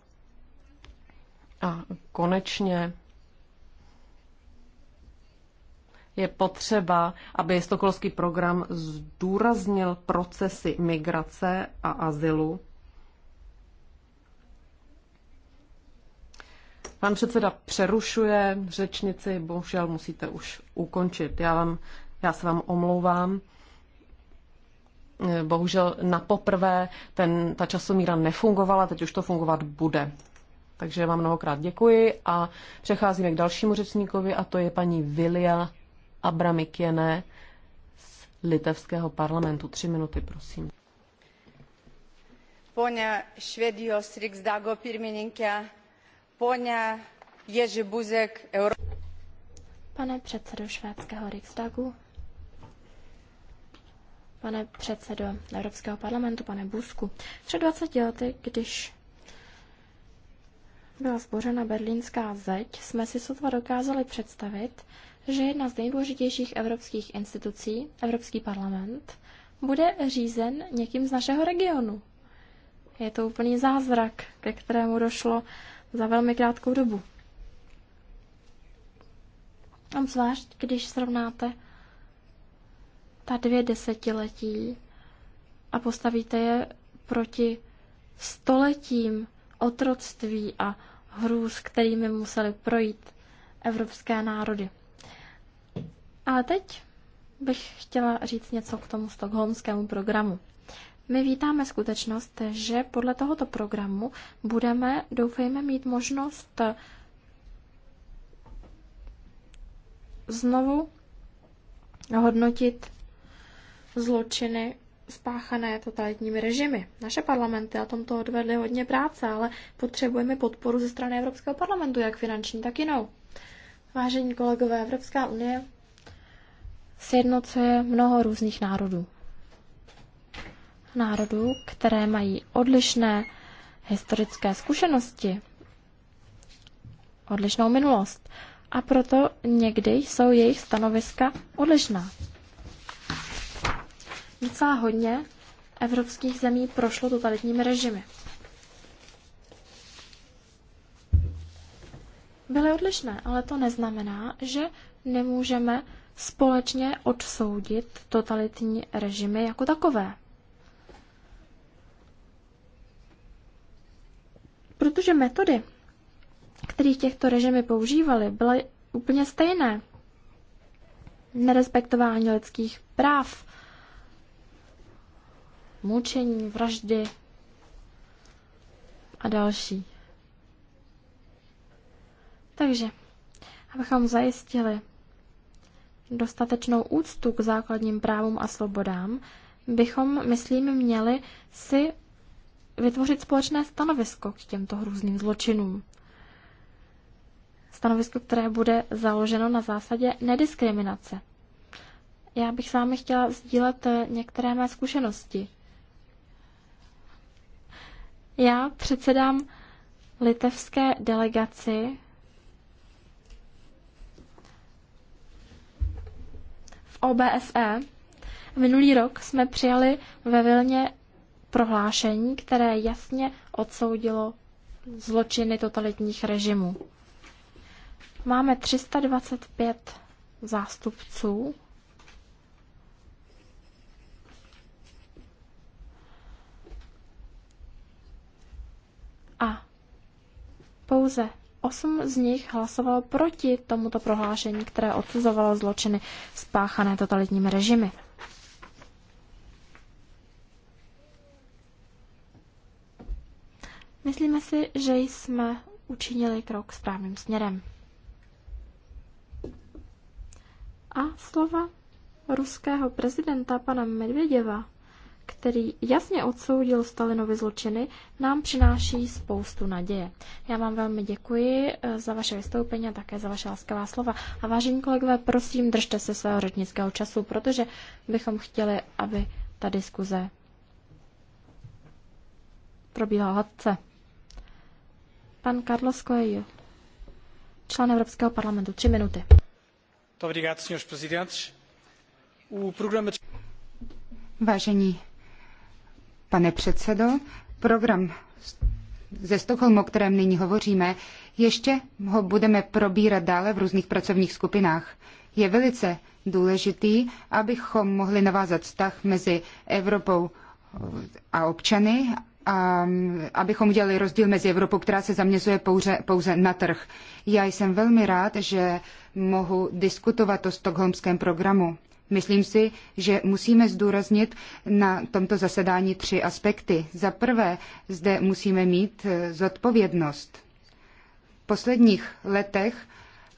A konečně je potřeba, aby stokholský program zdůraznil procesy migrace a azylu Pan předseda přerušuje řečnici, bohužel musíte už ukončit. Já, vám, já se vám omlouvám. Bohužel na poprvé ten, ta časomíra nefungovala, teď už to fungovat bude. Takže vám mnohokrát děkuji a přecházíme k dalšímu řečníkovi a to je paní Vilia Abramikiene z litevského parlamentu. Tři minuty, prosím. Ponia Švedijos Riksdago pirmininke, Pane předsedo švédského Riksdagu, pane předsedo Evropského parlamentu, pane Busku, před 20 lety, když byla zbořena berlínská zeď, jsme si sotva dokázali představit, že jedna z nejdůležitějších evropských institucí, Evropský parlament, bude řízen někým z našeho regionu. Je to úplný zázrak, ke kterému došlo za velmi krátkou dobu. A zvlášť, když srovnáte ta dvě desetiletí a postavíte je proti stoletím otroctví a hrůz, kterými museli projít evropské národy. Ale teď bych chtěla říct něco k tomu stokholmskému programu. My vítáme skutečnost, že podle tohoto programu budeme, doufejme, mít možnost znovu hodnotit zločiny spáchané totalitními režimy. Naše parlamenty na tomto odvedly hodně práce, ale potřebujeme podporu ze strany Evropského parlamentu, jak finanční, tak jinou. Vážení kolegové, Evropská unie sjednocuje mnoho různých národů národů, které mají odlišné historické zkušenosti, odlišnou minulost. A proto někdy jsou jejich stanoviska odlišná. Docela hodně evropských zemí prošlo totalitními režimy. Byly odlišné, ale to neznamená, že nemůžeme společně odsoudit totalitní režimy jako takové. protože metody, které těchto režimy používaly, byly úplně stejné. Nerespektování lidských práv, mučení, vraždy a další. Takže, abychom zajistili dostatečnou úctu k základním právům a svobodám, bychom, myslím, měli si vytvořit společné stanovisko k těmto hrůzným zločinům. Stanovisko, které bude založeno na zásadě nediskriminace. Já bych s vámi chtěla sdílet eh, některé mé zkušenosti. Já předsedám litevské delegaci v OBSE. Minulý rok jsme přijali ve Vilně prohlášení, které jasně odsoudilo zločiny totalitních režimů. Máme 325 zástupců a pouze osm z nich hlasovalo proti tomuto prohlášení, které odsuzovalo zločiny spáchané totalitními režimy. Myslíme si, že jsme učinili krok správným směrem. A slova ruského prezidenta pana Medvěděva, který jasně odsoudil Stalinovi zločiny, nám přináší spoustu naděje. Já vám velmi děkuji eh, za vaše vystoupení a také za vaše laskavá slova. A vážení kolegové, prosím, držte se svého řečnického času, protože bychom chtěli, aby ta diskuze probíhala hladce. Pan Carlos Coelho, člen Evropského parlamentu. Tři minuty. Vážení pane předsedo, program ze Stockholmu, o kterém nyní hovoříme, ještě ho budeme probírat dále v různých pracovních skupinách. Je velice důležitý, abychom mohli navázat vztah mezi Evropou a občany a abychom udělali rozdíl mezi Evropou, která se zaměřuje pouze, pouze na trh. Já jsem velmi rád, že mohu diskutovat o stokholmském programu. Myslím si, že musíme zdůraznit na tomto zasedání tři aspekty. Za prvé, zde musíme mít eh, zodpovědnost. V posledních letech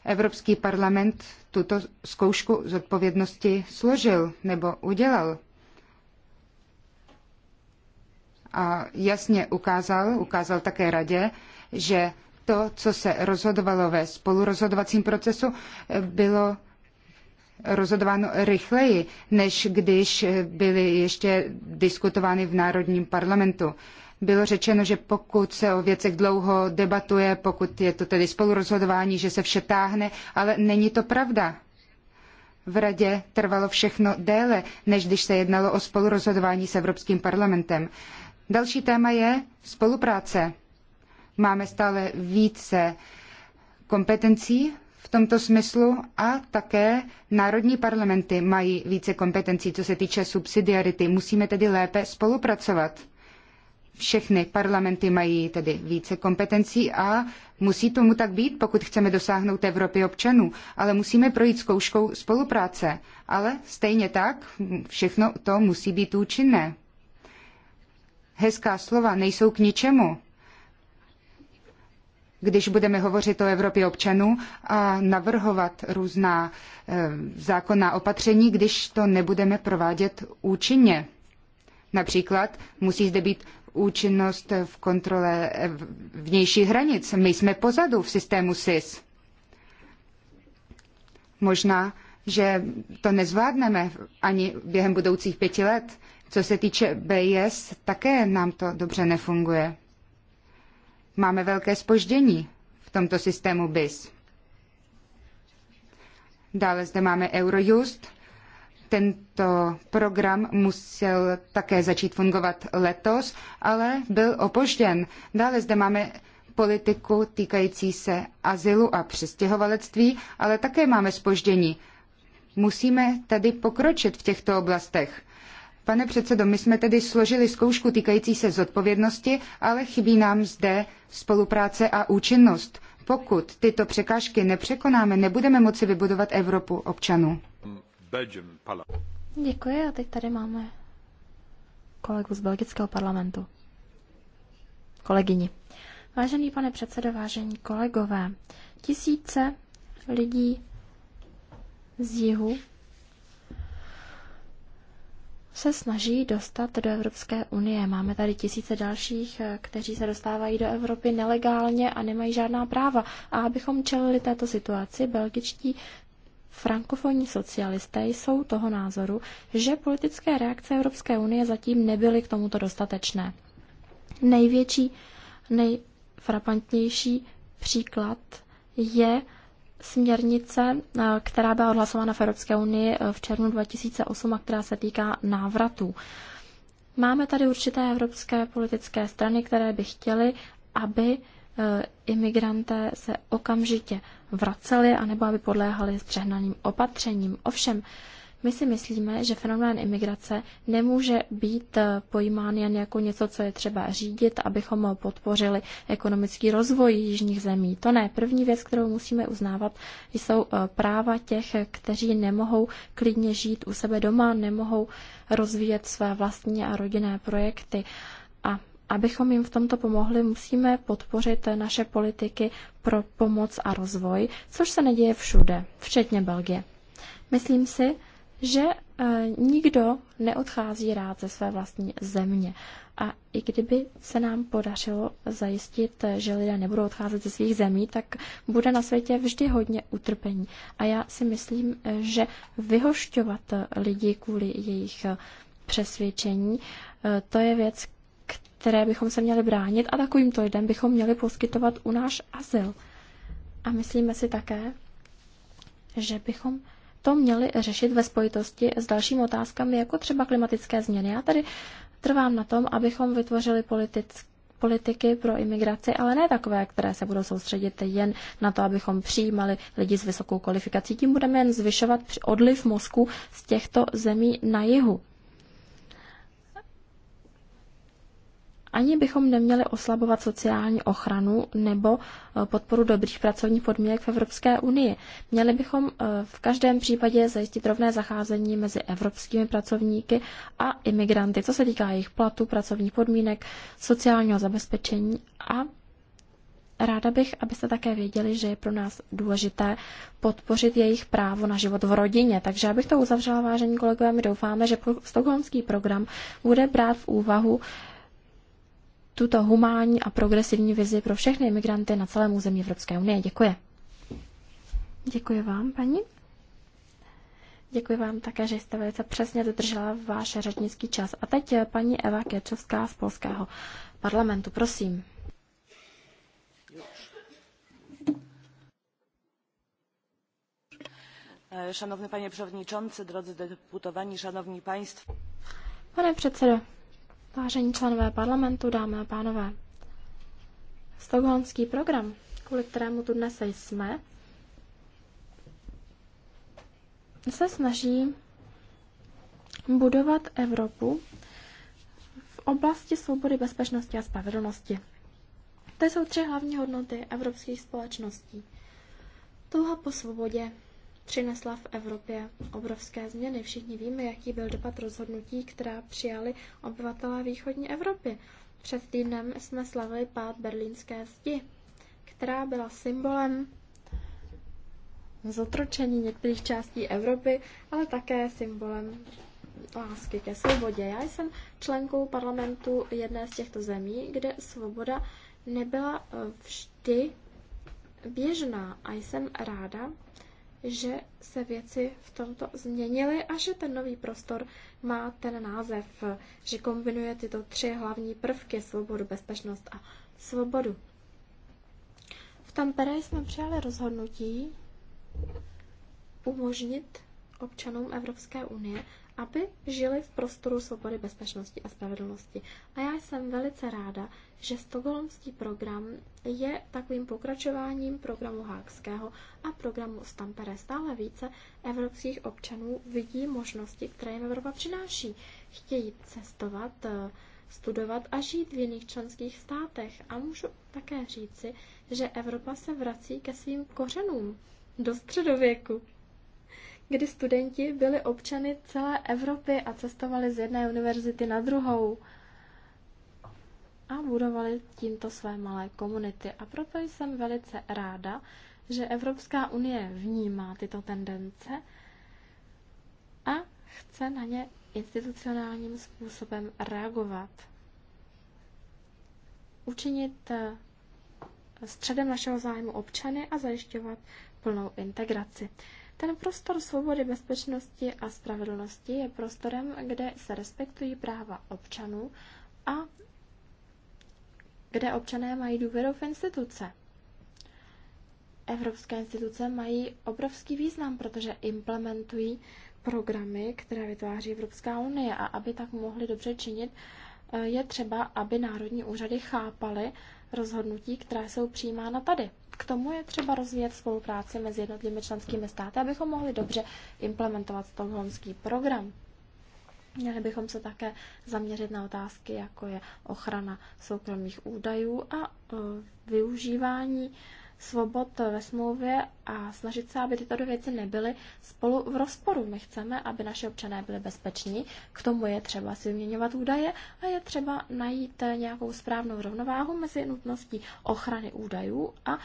Evropský parlament tuto zkoušku zodpovědnosti složil nebo udělal a jasně ukázal, ukázal také radě, že to, co se rozhodovalo ve spolurozhodovacím procesu, bylo rozhodováno rychleji, než když byly ještě diskutovány v Národním parlamentu. Bylo řečeno, že pokud se o věcech dlouho debatuje, pokud je to tedy spolurozhodování, že se vše táhne, ale není to pravda. V radě trvalo všechno déle, než když se jednalo o spolurozhodování s Evropským parlamentem. Další téma je spolupráce. Máme stále více kompetencí v tomto smyslu a také národní parlamenty mají více kompetencí, co se týče subsidiarity. Musíme tedy lépe spolupracovat. Všechny parlamenty mají tedy více kompetencí a musí tomu tak být, pokud chceme dosáhnout Evropy občanů. Ale musíme projít zkouškou spolupráce. Ale stejně tak všechno to musí být účinné hezká slova nejsou k ničemu, když budeme hovořit o Evropě občanů a navrhovat různá e, zákonná opatření, když to nebudeme provádět účinně. Například musí zde být účinnost v kontrole eh, vnějších hranic. My jsme pozadu v systému SIS. Možná, že to nezvládneme ani během budoucích pěti let. Co se týče BIS, také nám to dobře nefunguje. Máme velké spoždění v tomto systému BIS. Dále zde máme Eurojust. Tento program musel také začít fungovat letos, ale byl opožděn. Dále zde máme politiku týkající se azylu a přestěhovalectví, ale také máme spoždění. Musíme tady pokročit v těchto oblastech. Pane předsedo, my jsme tedy složili zkoušku týkající se zodpovědnosti, ale chybí nám zde spolupráce a účinnost. Pokud tyto překážky nepřekonáme, nebudeme moci vybudovat Evropu občanů. Děkuji a teď tady máme kolegu z belgického parlamentu. Kolegyni. Vážený pane předsedo, vážení kolegové, tisíce lidí z jihu se snaží dostat do Evropské unie. Máme tady tisíce dalších, eh, kteří se dostávají do Evropy nelegálně a nemají žádná práva. A abychom čelili této situaci, belgičtí frankofonní socialisté jsou toho názoru, že politické reakce Evropské unie zatím nebyly k tomuto dostatečné. Největší, nejfrapantnější příklad je směrnice, eh, která byla odhlasována v Evropské unii eh, v červnu 2008 a která se týká návratů. Máme tady určité evropské politické strany, které by chtěly, aby eh, imigranté se okamžitě vraceli, anebo aby podléhali střehnaným opatřením. Ovšem, my si myslíme, že fenomén imigrace nemůže být eh, pojímán jen jako něco, co je třeba řídit, abychom podpořili ekonomický rozvoj jižních zemí. To ne. První věc, kterou musíme uznávat, jsou eh, práva těch, kteří nemohou klidně žít u sebe doma, nemohou rozvíjet své vlastní a rodinné projekty. A Abychom jim v tomto pomohli, musíme podpořit eh, naše politiky pro pomoc a rozvoj, což se neděje všude, včetně Belgie. Myslím si, že eh, nikdo neodchází rád ze své vlastní země. A i kdyby se nám podařilo zajistit, že lidé nebudou odcházet ze svých zemí, tak bude na světě vždy hodně utrpení. A já si myslím, že vyhošťovat lidi kvůli jejich eh, přesvědčení, eh, to je věc, které bychom se měli bránit a takovýmto lidem bychom měli poskytovat u náš azyl. A myslíme si také, že bychom to měli řešit ve spojitosti s dalšími otázkami, jako třeba klimatické změny. Já tady trvám na tom, abychom vytvořili politické politiky pro imigraci, ale ne takové, které se budou soustředit jen na to, abychom přijímali lidi s vysokou kvalifikací. Tím budeme jen zvyšovat odliv mozku z těchto zemí na jihu. Ani bychom neměli oslabovat sociální ochranu nebo eh, podporu dobrých pracovních podmínek v Evropské unii. Měli bychom eh, v každém případě zajistit rovné zacházení mezi evropskými pracovníky a imigranty, co se týká jejich platu, pracovních podmínek, sociálního zabezpečení a Ráda bych, abyste také věděli, že je pro nás důležité podpořit jejich právo na život v rodině. Takže abych to uzavřela, vážení kolegové, my doufáme, že stokholmský program bude brát v úvahu tuto humánní a progresivní vizi pro všechny imigranty na celém území Evropské unie. Děkuji. Děkuji vám, paní. Děkuji vám také, že jste velice přesně dodržela váš řečnický čas. A teď eh, paní Eva Kečovská z Polského parlamentu. Prosím. Eh, szanowny panie przewodniczący, drodzy deputowani, szanowni państwo. Pane předsedo, Vážení členové parlamentu, dámy a pánové, Stockholmský program, kvůli kterému tu dnes jsme, se snaží budovat Evropu v oblasti svobody, bezpečnosti a spravedlnosti. To jsou tři hlavní hodnoty evropských společností. Touha po svobodě, přinesla v Evropě obrovské změny. Všichni víme, jaký byl dopad rozhodnutí, která přijali obyvatelé východní Evropy. Před týdnem jsme slavili pád berlínské zdi, která byla symbolem zotročení některých částí Evropy, ale také symbolem lásky ke svobodě. Já jsem členkou parlamentu jedné z těchto zemí, kde svoboda nebyla eh, vždy běžná a jsem ráda, že se věci v tomto změnily a že ten nový prostor má ten název, že kombinuje tyto tři hlavní prvky svobodu, bezpečnost a svobodu. V Tampere jsme přijali rozhodnutí umožnit občanům Evropské unie, aby žili v prostoru svobody, bezpečnosti a spravedlnosti. A já jsem velice ráda, že Stokholmský program je takovým pokračováním programu Hákského a programu Stampere. Stále více evropských občanů vidí možnosti, které jim Evropa přináší. Chtějí cestovat, eh, studovat a žít v jiných členských státech. A můžu také říci, že Evropa se vrací ke svým kořenům do středověku kdy studenti byli občany celé Evropy a cestovali z jedné univerzity na druhou a budovali tímto své malé komunity. A proto jsem velice ráda, že Evropská unie vnímá tyto tendence a chce na ně institucionálním způsobem reagovat. Učinit eh, středem našeho zájmu občany a zajišťovat plnou integraci. Ten prostor svobody, bezpečnosti a spravedlnosti je prostorem, kde se respektují práva občanů a kde občané mají důvěru v instituce. Evropské instituce mají obrovský význam, protože implementují programy, které vytváří Evropská unie a aby tak mohli dobře činit, eh, je třeba, aby národní úřady chápaly rozhodnutí, která jsou přijímána tady. K tomu je třeba rozvíjet spolupráci mezi jednotlivými členskými státy, abychom mohli dobře implementovat stokholmský program. Měli bychom se také zaměřit na otázky, jako je ochrana soukromých údajů a e, využívání svobod ve smlouvě a snažit se, aby tyto dvě věci nebyly spolu v rozporu. My chceme, aby naše občané byli bezpeční, k tomu je třeba si vyměňovat údaje a je třeba najít nějakou správnou rovnováhu mezi nutností ochrany údajů a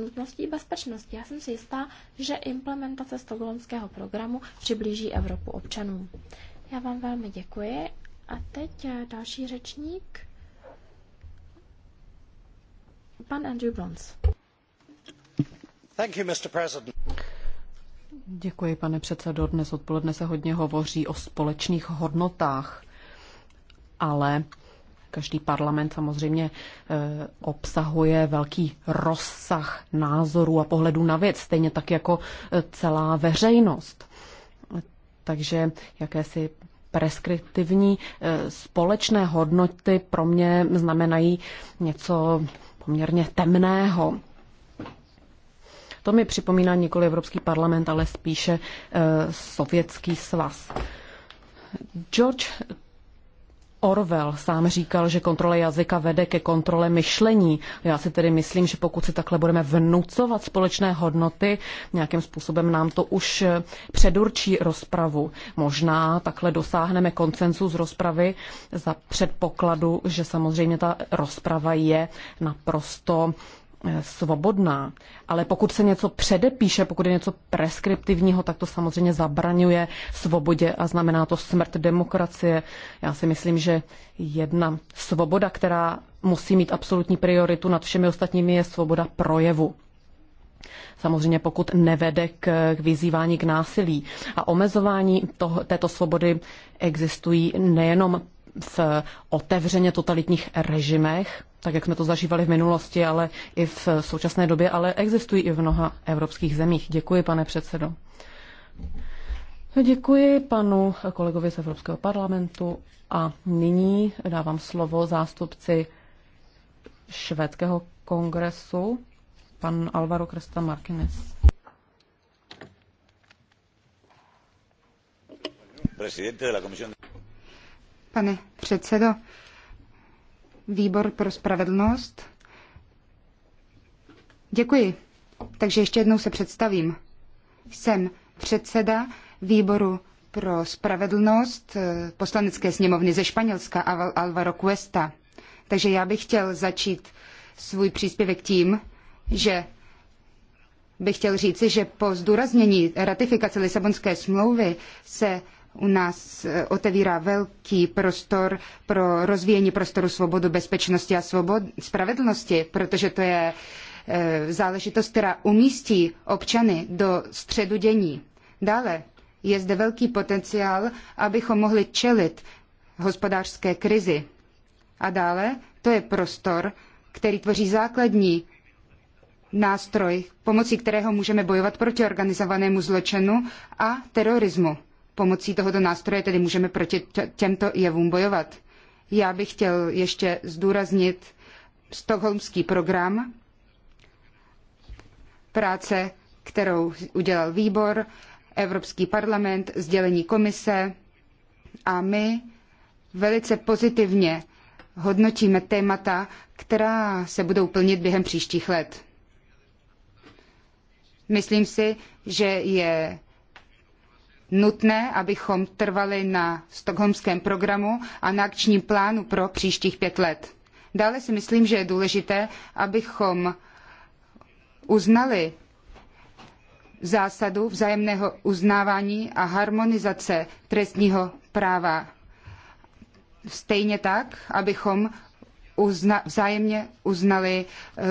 nutností bezpečnosti. Já jsem si jistá, že implementace stokholmského programu přiblíží Evropu občanům. Já vám velmi děkuji. A teď eh, další řečník, pan Andrew Brons. Thank you, Mr. President. Děkuji, pane předsedo. Dnes odpoledne se hodně hovoří o společných hodnotách, ale Každý parlament samozřejmě eh, obsahuje velký rozsah názorů a pohledů na věc, stejně tak jako eh, celá veřejnost. Takže jakési preskriptivní eh, společné hodnoty pro mě znamenají něco poměrně temného. To mi připomíná nikoli Evropský parlament, ale spíše e, Sovětský svaz. George Orwell sám říkal, že kontrola jazyka vede ke kontrole myšlení. Já si tedy myslím, že pokud si takhle budeme vnucovat společné hodnoty, nějakým způsobem nám to už eh, předurčí rozpravu. Možná takhle dosáhneme koncensu z rozpravy za předpokladu, že samozřejmě ta rozprava je naprosto Eh, svobodná, ale pokud se něco předepíše, pokud je něco preskriptivního, tak to samozřejmě zabraňuje svobodě a znamená to smrt demokracie. Já si myslím, že jedna svoboda, která musí mít absolutní prioritu nad všemi ostatními, je svoboda projevu. Samozřejmě pokud nevede k, vyzývání k násilí. A omezování toho, této svobody existují nejenom v otevřeně totalitních režimech, tak jak jsme to zažívali v minulosti, ale i v současné době, ale existují i v mnoha evropských zemích. Děkuji, pane předsedo. Děkuji panu kolegovi z Evropského parlamentu a nyní dávám slovo zástupci švédského kongresu, pan Alvaro Kresta Martinez. Presidente de la Comisión Pane předsedo, výbor pro spravedlnost. Děkuji. Takže ještě jednou se představím. Jsem předseda výboru pro spravedlnost eh, poslanecké sněmovny ze Španělska Alvaro Cuesta. Takže já bych chtěl začít svůj příspěvek tím, že bych chtěl říci, že po zdůraznění ratifikace Lisabonské smlouvy se u nás eh, otevírá velký prostor pro rozvíjení prostoru svobodu, bezpečnosti a svobod, spravedlnosti, protože to je eh, záležitost, která umístí občany do středu dění. Dále je zde velký potenciál, abychom mohli čelit hospodářské krizi. A dále to je prostor, který tvoří základní nástroj, pomocí kterého můžeme bojovat proti organizovanému zločinu a terorismu pomocí tohoto nástroje tedy můžeme proti těmto jevům bojovat. Já bych chtěl ještě zdůraznit stokholmský program, práce, kterou udělal výbor, Evropský parlament, sdělení komise a my velice pozitivně hodnotíme témata, která se budou plnit během příštích let. Myslím si, že je nutné, abychom trvali na stokholmském programu a na akčním plánu pro příštích pět let. Dále si myslím, že je důležité, abychom uznali zásadu vzájemného uznávání a harmonizace trestního práva. Stejně tak, abychom uzna, vzájemně uznali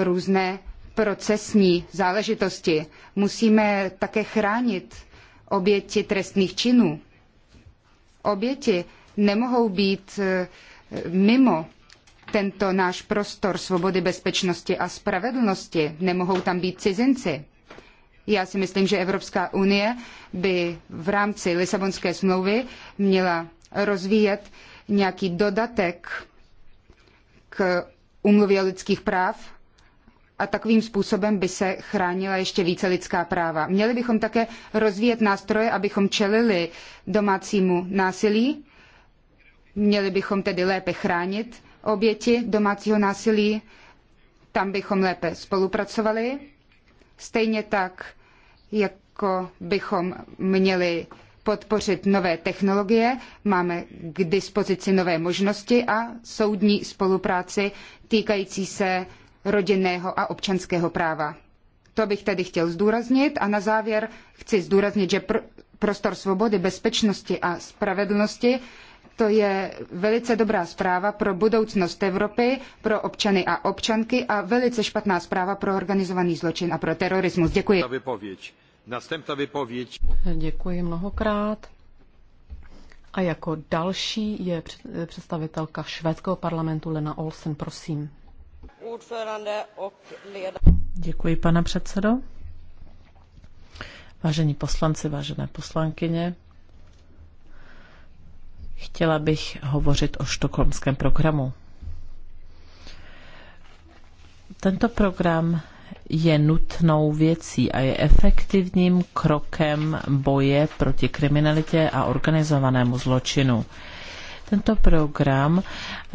různé procesní záležitosti. Musíme také chránit oběti trestných činů. Oběti nemohou být eh, mimo tento náš prostor svobody, bezpečnosti a spravedlnosti. Nemohou tam být cizinci. Já si myslím, že Evropská unie by v rámci Lisabonské smlouvy měla rozvíjet nějaký dodatek k umluvě o lidských práv, a takovým způsobem by se chránila ještě více lidská práva. Měli bychom také rozvíjet nástroje, abychom čelili domácímu násilí. Měli bychom tedy lépe chránit oběti domácího násilí, tam bychom lépe spolupracovali. Stejně tak, jako bychom měli podpořit nové technologie, máme k dispozici nové možnosti a soudní spolupráci týkající se rodinného a občanského práva. To bych tedy chtěl zdůraznit a na závěr chci zdůraznit, že pr prostor svobody, bezpečnosti a spravedlnosti to je velice dobrá zpráva pro budoucnost Evropy, pro občany a občanky a velice špatná zpráva pro organizovaný zločin a pro terorismus. Děkuji. Vypověď. vypověď. Děkuji mnohokrát. A jako další je představitelka švédského parlamentu Lena Olsen, prosím. Děkuji, pane předsedo. Vážení poslanci, vážené poslankyně, chtěla bych hovořit o štokholmském programu. Tento program je nutnou věcí a je efektivním krokem boje proti kriminalitě a organizovanému zločinu. Tento program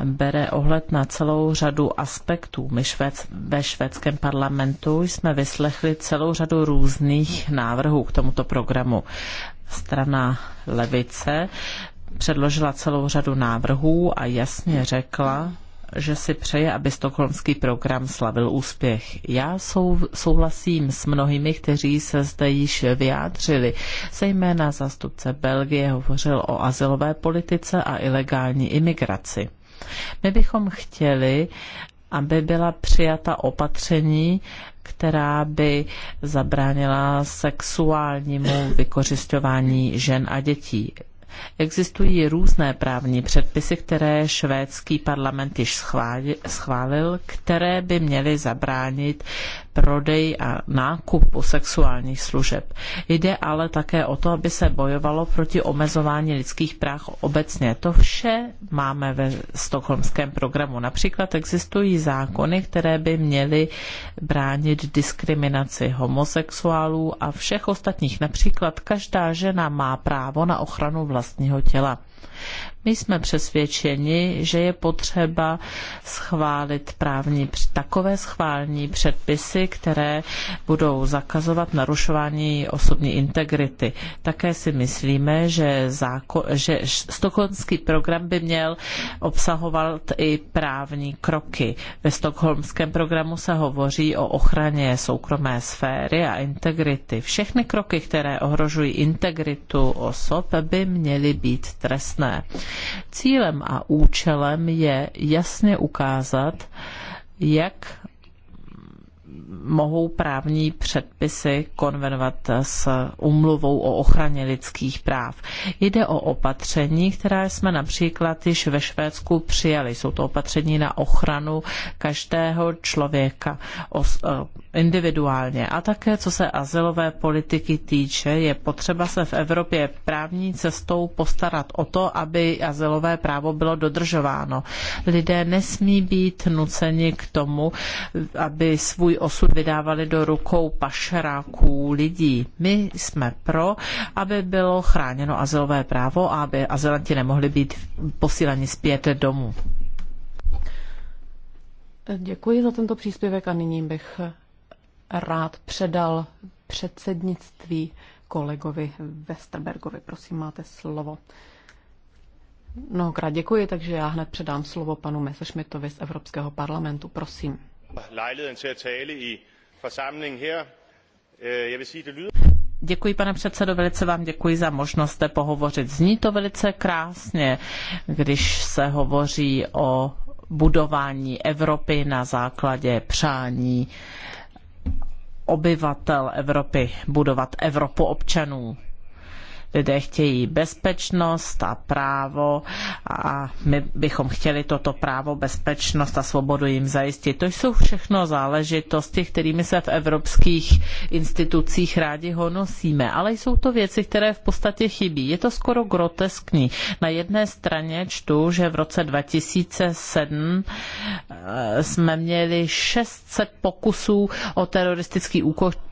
bere ohled na celou řadu aspektů. My švéd, ve švédském parlamentu jsme vyslechli celou řadu různých návrhů k tomuto programu. Strana levice předložila celou řadu návrhů a jasně řekla, že si přeje, aby stokholmský program slavil úspěch. Já sou, souhlasím s mnohými, kteří se zde již vyjádřili. Zejména zástupce Belgie hovořil o asilové politice a ilegální imigraci. My bychom chtěli, aby byla přijata opatření, která by zabránila sexuálnímu vykořišťování žen a dětí. Existují různé právní předpisy, které švédský parlament již schválil, schválil které by měly zabránit prodej a nákupu sexuálních služeb. Jde ale také o to, aby se bojovalo proti omezování lidských práv obecně. To vše máme ve stokholmském programu. Například existují zákony, které by měly bránit diskriminaci homosexuálů a všech ostatních. Například každá žena má právo na ochranu vlastního těla. My jsme přesvědčeni, že je potřeba schválit právní, takové schválení předpisy, které budou zakazovat narušování osobní integrity. Také si myslíme, že, záko, že stokholmský program by měl obsahovat i právní kroky. Ve stokholmském programu se hovoří o ochraně soukromé sféry a integrity. Všechny kroky, které ohrožují integritu osob, by měly být trestné. Cílem a účelem je jasně ukázat, jak mohou právní předpisy konvenovat s umluvou o ochraně lidských práv. Jde o opatření, která jsme například již ve Švédsku přijali. Jsou to opatření na ochranu každého člověka eh, individuálně. A také, co se asilové politiky týče, je potřeba se v Evropě právní cestou postarat o to, aby asilové právo bylo dodržováno. Lidé nesmí být nuceni k tomu, aby svůj osud vydávali do rukou pašeráků lidí. My jsme pro, aby bylo chráněno azylové právo a aby azylanti nemohli být posíleni zpět domů. Děkuji za tento příspěvek a nyní bych rád předal předsednictví kolegovi Westerbergovi. Prosím, máte slovo. Mnohokrát děkuji, takže já hned předám slovo panu Messerschmittovi z Evropského parlamentu. Prosím. Øh, děkuji, pane předsedo, velice vám děkuji za možnost zde pohovořit. Zní to velice krásně, když se hovoří o budování Evropy na základě přání obyvatel Evropy, budovat Evropu občanů. Lidé chtějí bezpečnost a právo a my bychom chtěli toto právo, bezpečnost a svobodu jim zajistit. To jsou všechno záležitosti, kterými se v evropských institucích rádi honosíme, ale jsou to věci, které v podstatě chybí. Je to skoro groteskní. Na jedné straně čtu, že v roce 2007 eh, jsme měli 600 pokusů o teroristický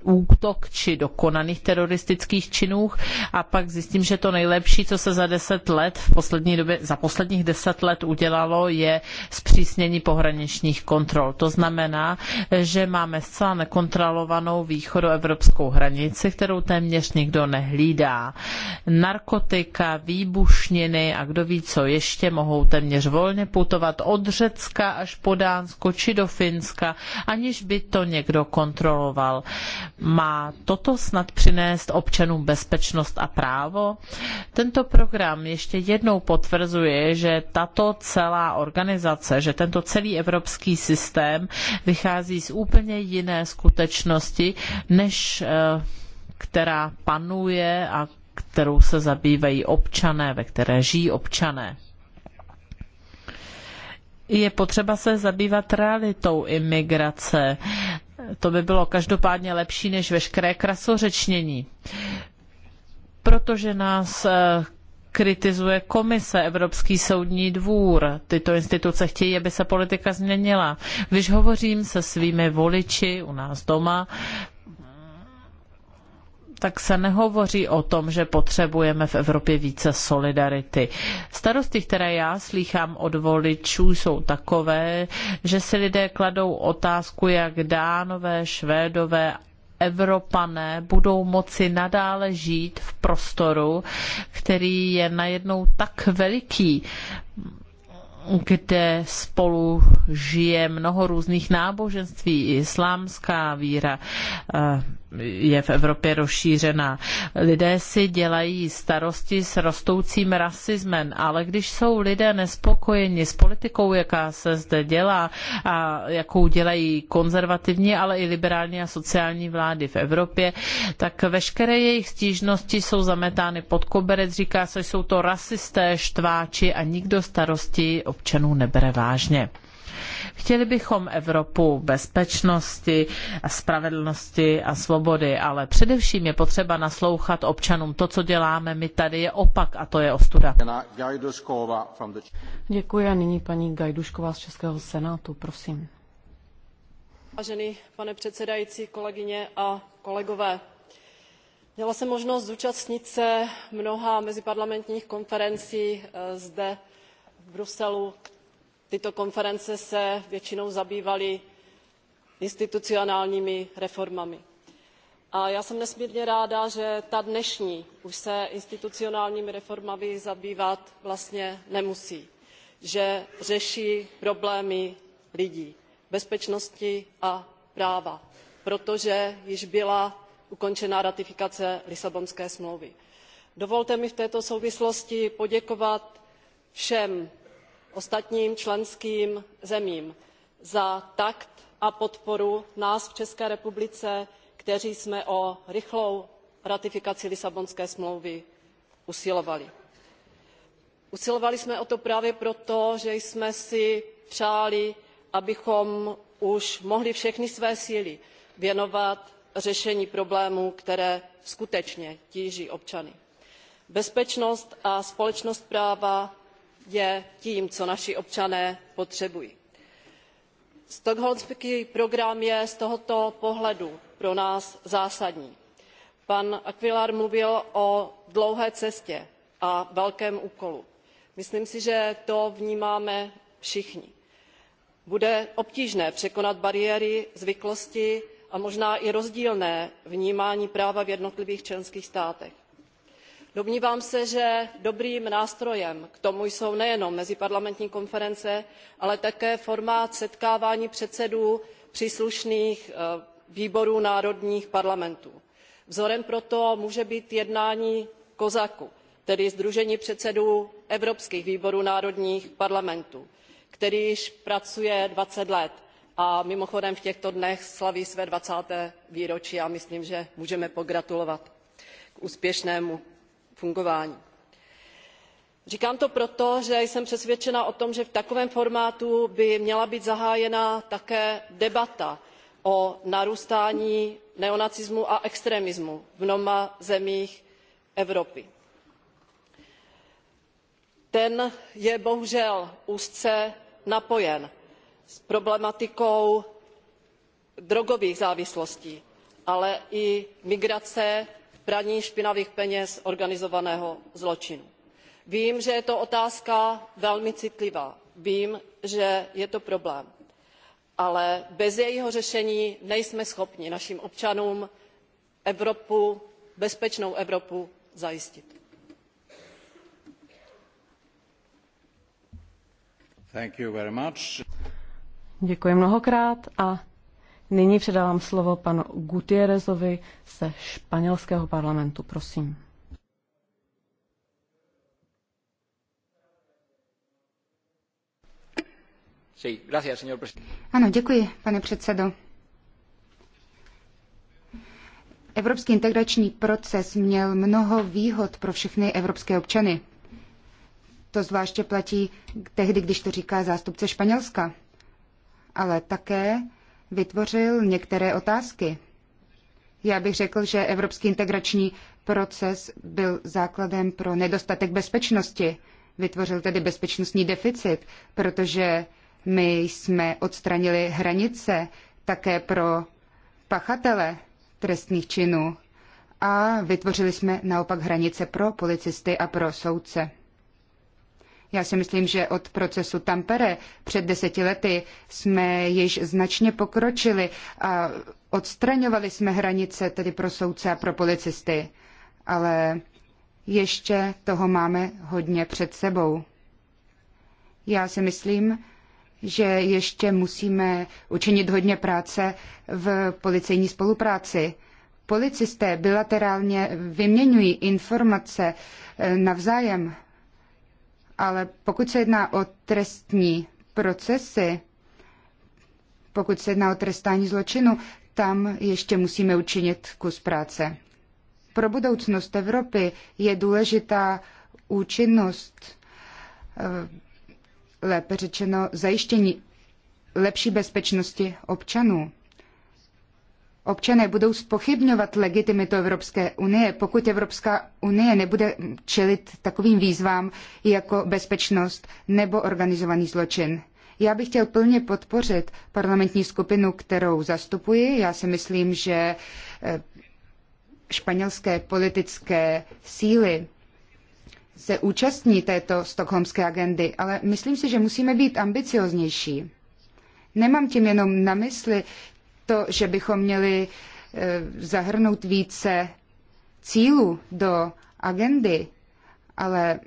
útok či dokonaných teroristických činů a pak tak zjistím, že to nejlepší, co se za deset let v poslední době, za posledních deset let udělalo, je zpřísnění pohraničních kontrol. To znamená, že máme zcela nekontrolovanou východoevropskou hranici, kterou téměř nikdo nehlídá. Narkotika, výbušniny a kdo ví co ještě mohou téměř volně putovat od Řecka až po Dánsko či do Finska, aniž by to někdo kontroloval. Má toto snad přinést občanům bezpečnost a právo? právo. Tento program ještě jednou potvrzuje, že tato celá organizace, že tento celý evropský systém vychází z úplně jiné skutečnosti, než eh, která panuje a kterou se zabývají občané, ve které žijí občané. Je potřeba se zabývat realitou imigrace. To by bylo každopádně lepší než veškeré krasořečnění protože nás eh, kritizuje komise, Evropský soudní dvůr. Tyto instituce chtějí, aby se politika změnila. Když hovořím se svými voliči u nás doma, tak se nehovoří o tom, že potřebujeme v Evropě více solidarity. Starosti, které já slýchám od voličů, jsou takové, že si lidé kladou otázku, jak dánové, švédové Evropané budou moci nadále žít v prostoru, který je najednou tak veliký, kde spolu žije mnoho různých náboženství, islámská víra, eh, je v Evropě rozšířená. Lidé si dělají starosti s rostoucím rasismem, ale když jsou lidé nespokojeni s politikou, jaká se zde dělá a jakou dělají konzervativní, ale i liberální a sociální vlády v Evropě, tak veškeré jejich stížnosti jsou zametány pod koberec, říká se, jsou to rasisté, štváči a nikdo starosti občanů nebere vážně. Chtěli bychom Evropu bezpečnosti, spravedlnosti a svobody, ale především je potřeba naslouchat občanům. To, co děláme my tady, je opak a to je ostuda. Děkuji a nyní paní Gajdušková z Českého senátu, prosím. Vážený pane předsedající, kolegyně a kolegové, měla jsem možnost zúčastnit se mnoha meziparlamentních konferencí eh, zde v Bruselu, tyto konference se většinou zabývaly institucionálními reformami. A já jsem nesmírně ráda, že ta dnešní už se institucionálními reformami zabývat vlastně nemusí, že řeší problémy lidí, bezpečnosti a práva, protože již byla ukončena ratifikace Lisabonské smlouvy. Dovolte mi v této souvislosti poděkovat všem ostatním členským zemím za takt a podporu nás v české republice kteří jsme o rychlou ratifikaci lisabonské smlouvy usilovali. usilovali jsme o to právě proto že jsme si přáli abychom už mohli všechny své síly věnovat řešení problémů které skutečně tíží občany. bezpečnost a společnost práva je tím co naši občané potřebují. stockholmský program je z tohoto pohledu pro nás zásadní. pan aguilar mluvil o dlouhé cestě a velkém úkolu. myslím si že to vnímáme všichni. bude obtížné překonat bariéry zvyklosti a možná i rozdílné vnímání práva v jednotlivých členských státech domnívám se že dobrým nástrojem k tomu jsou nejenom meziparlamentní konference ale také formát setkávání předsedů příslušných eh, výborů národních parlamentů. vzorem pro to může být jednání cosacu tedy sdružení předsedů evropských výborů národních parlamentů které již pracuje twenty let a mimochodem v těchto dnech slaví své dvacáté výročí a myslím že můžeme pogratulovat k úspěšnému fungování. říkám to proto že jsem přesvědčena o tom že v takovém formátu by měla být zahájena také debata o narůstání neonacismu a extremismu v mnoha zemích evropy. ten je bohužel úzce napojen s problematikou drogových závislostí ale i migrace praní špinavých peněz organizovaného zločinu. vím že je to otázka velmi citlivá vím že je to problém ale bez jejího řešení nejsme schopni našim občanům evropu bezpečnou evropu zajistit. Děkuji mnohokrát a Nyní předávám slovo panu Gutierrezovi ze španělského parlamentu. Prosím. Ano, děkuji, pane předsedo. Evropský integrační proces měl mnoho výhod pro všechny evropské občany. To zvláště platí tehdy, když to říká zástupce Španělska. Ale také vytvořil některé otázky. Já bych řekl, že evropský integrační proces byl základem pro nedostatek bezpečnosti. Vytvořil tedy bezpečnostní deficit, protože my jsme odstranili hranice také pro pachatele trestných činů a vytvořili jsme naopak hranice pro policisty a pro soudce. Já si myslím, že od procesu Tampere před deseti lety jsme již značně pokročili a odstraňovali jsme hranice tedy pro soudce a pro policisty. Ale ještě toho máme hodně před sebou. Já si myslím, že ještě musíme učinit hodně práce v policejní spolupráci. Policisté bilaterálně vyměňují informace eh, navzájem ale pokud se jedná o trestní procesy, pokud se jedná o trestání zločinu, tam ještě musíme učinit kus práce. Pro budoucnost Evropy je důležitá účinnost, eh, lépe řečeno zajištění lepší bezpečnosti občanů. Občané budou spochybňovat legitimitu Evropské unie, pokud Evropská unie nebude čelit takovým výzvám jako bezpečnost nebo organizovaný zločin. Já bych chtěl plně podpořit parlamentní skupinu, kterou zastupuji. Já si myslím, že eh, španělské politické síly se účastní této stokholmské agendy, ale myslím si, že musíme být ambicioznější. Nemám tím jenom na mysli to, že bychom měli e, zahrnout více cílů do agendy, ale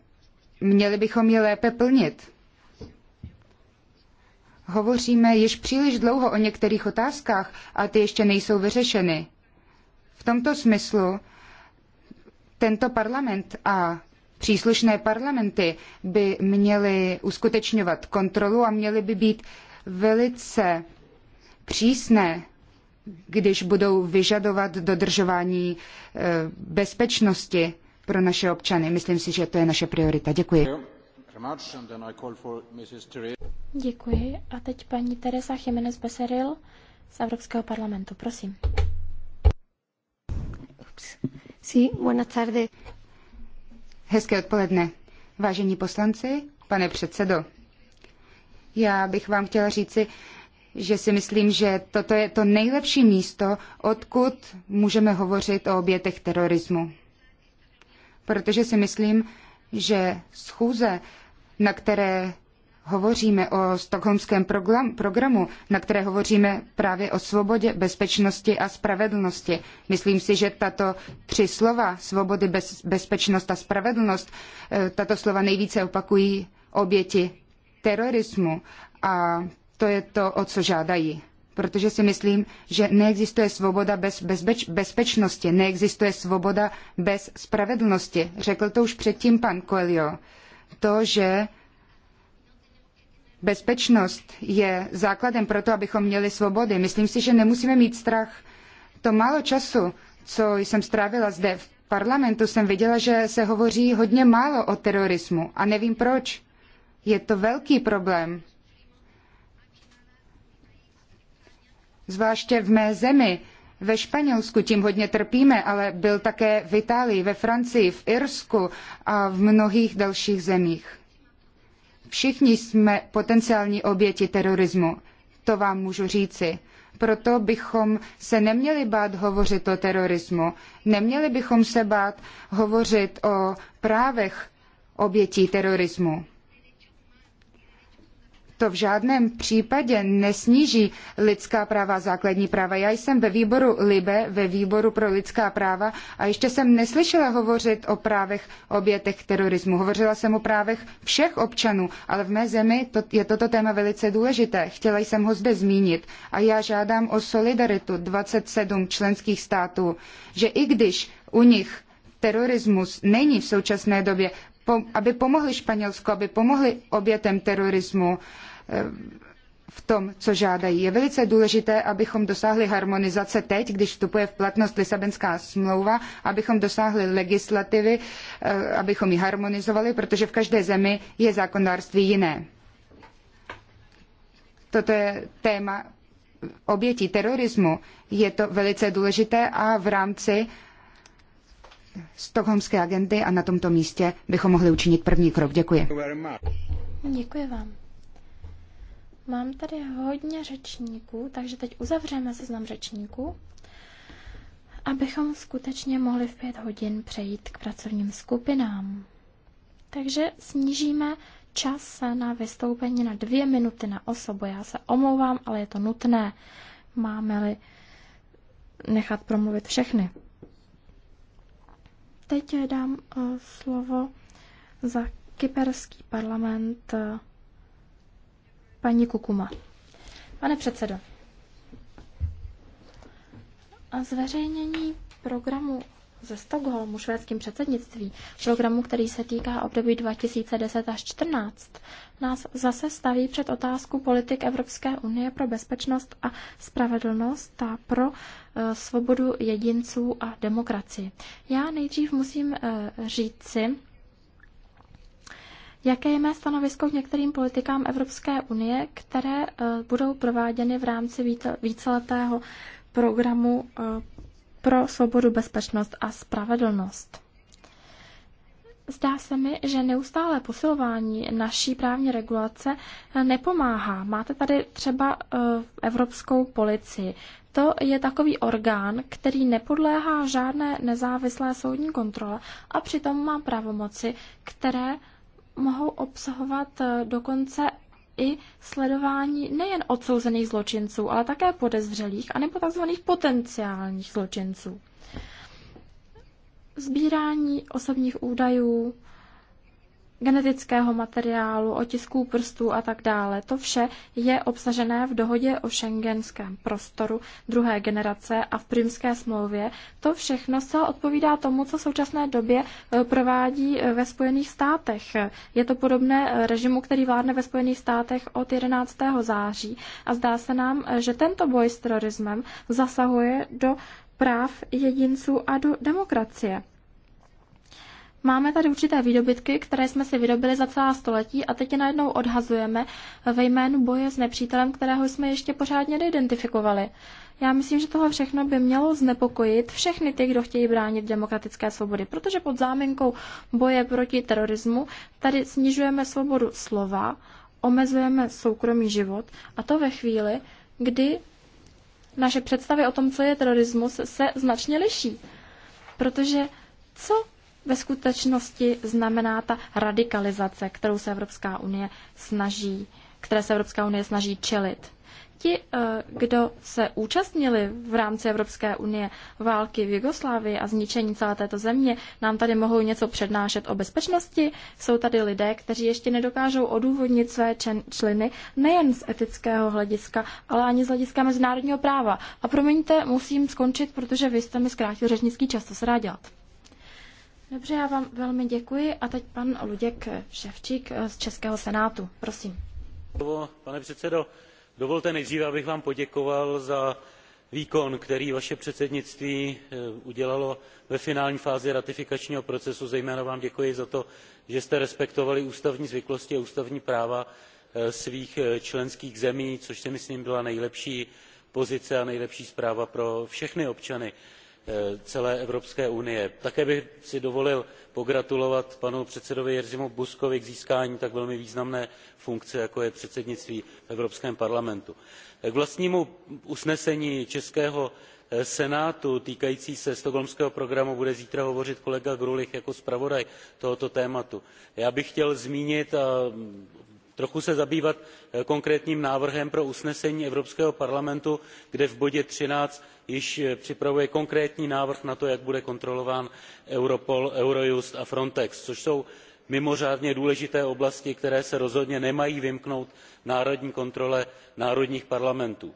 měli bychom je lépe plnit. Hovoříme již příliš dlouho o některých otázkách a ty ještě nejsou vyřešeny. V tomto smyslu tento parlament a příslušné parlamenty by měly uskutečňovat kontrolu a měly by být velice přísné, když budou vyžadovat dodržování eh, bezpečnosti pro naše občany. Myslím si, že to je naše priorita. Děkuji. Děkuji. A teď paní Teresa Jiménez Beseril z Evropského parlamentu. Prosím. Sí, buenas tardes. Hezké odpoledne. Vážení poslanci, pane předsedo, já bych vám chtěla říci, že si myslím, že toto je to nejlepší místo, odkud můžeme hovořit o obětech terorismu. Protože si myslím, že schůze, na které hovoříme o stokholmském programu, na které hovoříme právě o svobodě, bezpečnosti a spravedlnosti. Myslím si, že tato tři slova, svobody, bez, bezpečnost a spravedlnost, eh, tato slova nejvíce opakují oběti terorismu. A to je to, o co žádají. Protože si myslím, že neexistuje svoboda bez bezbeč, bezpečnosti, neexistuje svoboda bez spravedlnosti. Řekl to už předtím pan Coelho. To, že bezpečnost je základem pro to, abychom měli svobody. Myslím si, že nemusíme mít strach. To málo času, co jsem strávila zde v parlamentu, jsem viděla, že se hovoří hodně málo o terorismu a nevím proč. Je to velký problém. zvláště v mé zemi, ve Španělsku tím hodně trpíme, ale byl také v Itálii, ve Francii, v Irsku a v mnohých dalších zemích. Všichni jsme potenciální oběti terorismu, to vám můžu říci. Proto bychom se neměli bát hovořit o terorismu, neměli bychom se bát hovořit o právech obětí terorismu to v žádném případě nesníží lidská práva a základní práva. Já jsem ve výboru LIBE, ve výboru pro lidská práva a ještě jsem neslyšela hovořit o právech obětech terorismu. Hovořila jsem o právech všech občanů, ale v mé zemi to, je toto téma velice důležité. Chtěla jsem ho zde zmínit a já žádám o solidaritu 27 členských států, že i když u nich terorismus není v současné době aby pomohli Španělsku, aby pomohli obětem terorismu, v tom, co žádají. Je velice důležité, abychom dosáhli harmonizace teď, když vstupuje v platnost Lisabonská smlouva, abychom dosáhli legislativy, eh, abychom ji harmonizovali, protože v každé zemi je zákonodárství jiné. Toto je téma obětí terorismu. Je to velice důležité a v rámci stokholmské agendy a na tomto místě bychom mohli učinit první krok. Děkuji. Děkuji vám. Mám tady hodně řečníků, takže teď uzavřeme seznam řečníků, abychom skutečně mohli v pět hodin přejít k pracovním skupinám. Takže snížíme čas na vystoupení na dvě minuty na osobu. Já se omlouvám, ale je to nutné. Máme-li nechat promluvit všechny. Teď dám eh, slovo za kyperský parlament eh, Paní Kukuma. Pane předsedo, a zveřejnění programu ze Stockholmu švédským předsednictví, programu, který se týká období 2010 až 2014, nás zase staví před otázku politik Evropské unie pro bezpečnost a spravedlnost a pro eh, svobodu jedinců a demokracii. Já nejdřív musím eh, říci, Jaké je mé stanovisko k některým politikám Evropské unie, které eh, budou prováděny v rámci víceletého programu eh, pro svobodu, bezpečnost a spravedlnost? Zdá se mi, že neustále posilování naší právní regulace eh, nepomáhá. Máte tady třeba Evropskou policii. To je takový orgán, který nepodléhá žádné nezávislé soudní kontrole a přitom má pravomoci, které mohou obsahovat eh, dokonce i sledování nejen odsouzených zločinců, ale také podezřelých anebo tzv. potenciálních zločinců. Sbírání osobních údajů, genetického materiálu, otisků prstů a tak dále. To vše je obsažené v dohodě o šengenském prostoru druhé generace a v primské smlouvě. To všechno se odpovídá tomu, co v současné době e, provádí e, ve Spojených státech. Je to podobné e, režimu, který vládne ve Spojených státech od 11. září a zdá se nám, že tento boj s terorismem zasahuje do práv jedinců a do demokracie. Máme tady určité výdobytky, které jsme si vydobili za celá století a teď je najednou odhazujeme ve jménu boje s nepřítelem, kterého jsme ještě pořádně neidentifikovali. Já myslím, že tohle všechno by mělo znepokojit všechny ty, kdo chtějí bránit demokratické svobody, protože pod záminkou boje proti terorismu tady snižujeme svobodu slova, omezujeme soukromý život a to ve chvíli, kdy naše představy o tom, co je terorismus, se značně liší. Protože co ve skutečnosti znamená ta radikalizace, kterou se Evropská unie snaží, které se Evropská unie snaží čelit. Ti, eh, kdo se účastnili v rámci Evropské unie války v Jugoslávii a zničení celé této země, nám tady mohou něco přednášet o bezpečnosti. Jsou tady lidé, kteří ještě nedokážou odůvodnit své členy nejen z etického hlediska, ale ani z hlediska mezinárodního práva. A promiňte, musím skončit, protože vy jste mi zkrátil řečnický čas, to se dá dělat. Dobře, já vám velmi děkuji. A teď pan Luděk Ševčík eh, z Českého senátu. Prosím. Pane předsedo, dovolte nejdříve, abych vám poděkoval za výkon, který vaše předsednictví eh, udělalo ve finální fázi ratifikačního procesu. Zejména vám děkuji za to, že jste respektovali ústavní zvyklosti a ústavní práva eh, svých členských zemí, což si myslím byla nejlepší pozice a nejlepší zpráva pro všechny občany Eh, celé evropské unie. také bych si dovolil pogratulovat panu předsedovi jerzymu buzkovi k získání tak velmi významné funkce jako je předsednictví v evropském parlamentu. k vlastnímu usnesení českého eh, senátu týkajícímu se stockholmského programu bude zítra hovořit kolega grulich jako zpravodaj tohoto tématu. já bych chtěl zmínit a trochu se zabývat eh, konkrétním návrhem pro usnesení evropského parlamentu kde v bodě thirteen již eh, připravuje konkrétní návrh na to jak bude kontrolován europol eurojust a frontex což jsou mimořádně důležité oblasti které se rozhodně nemají vymknout národní kontrole národních parlamentů.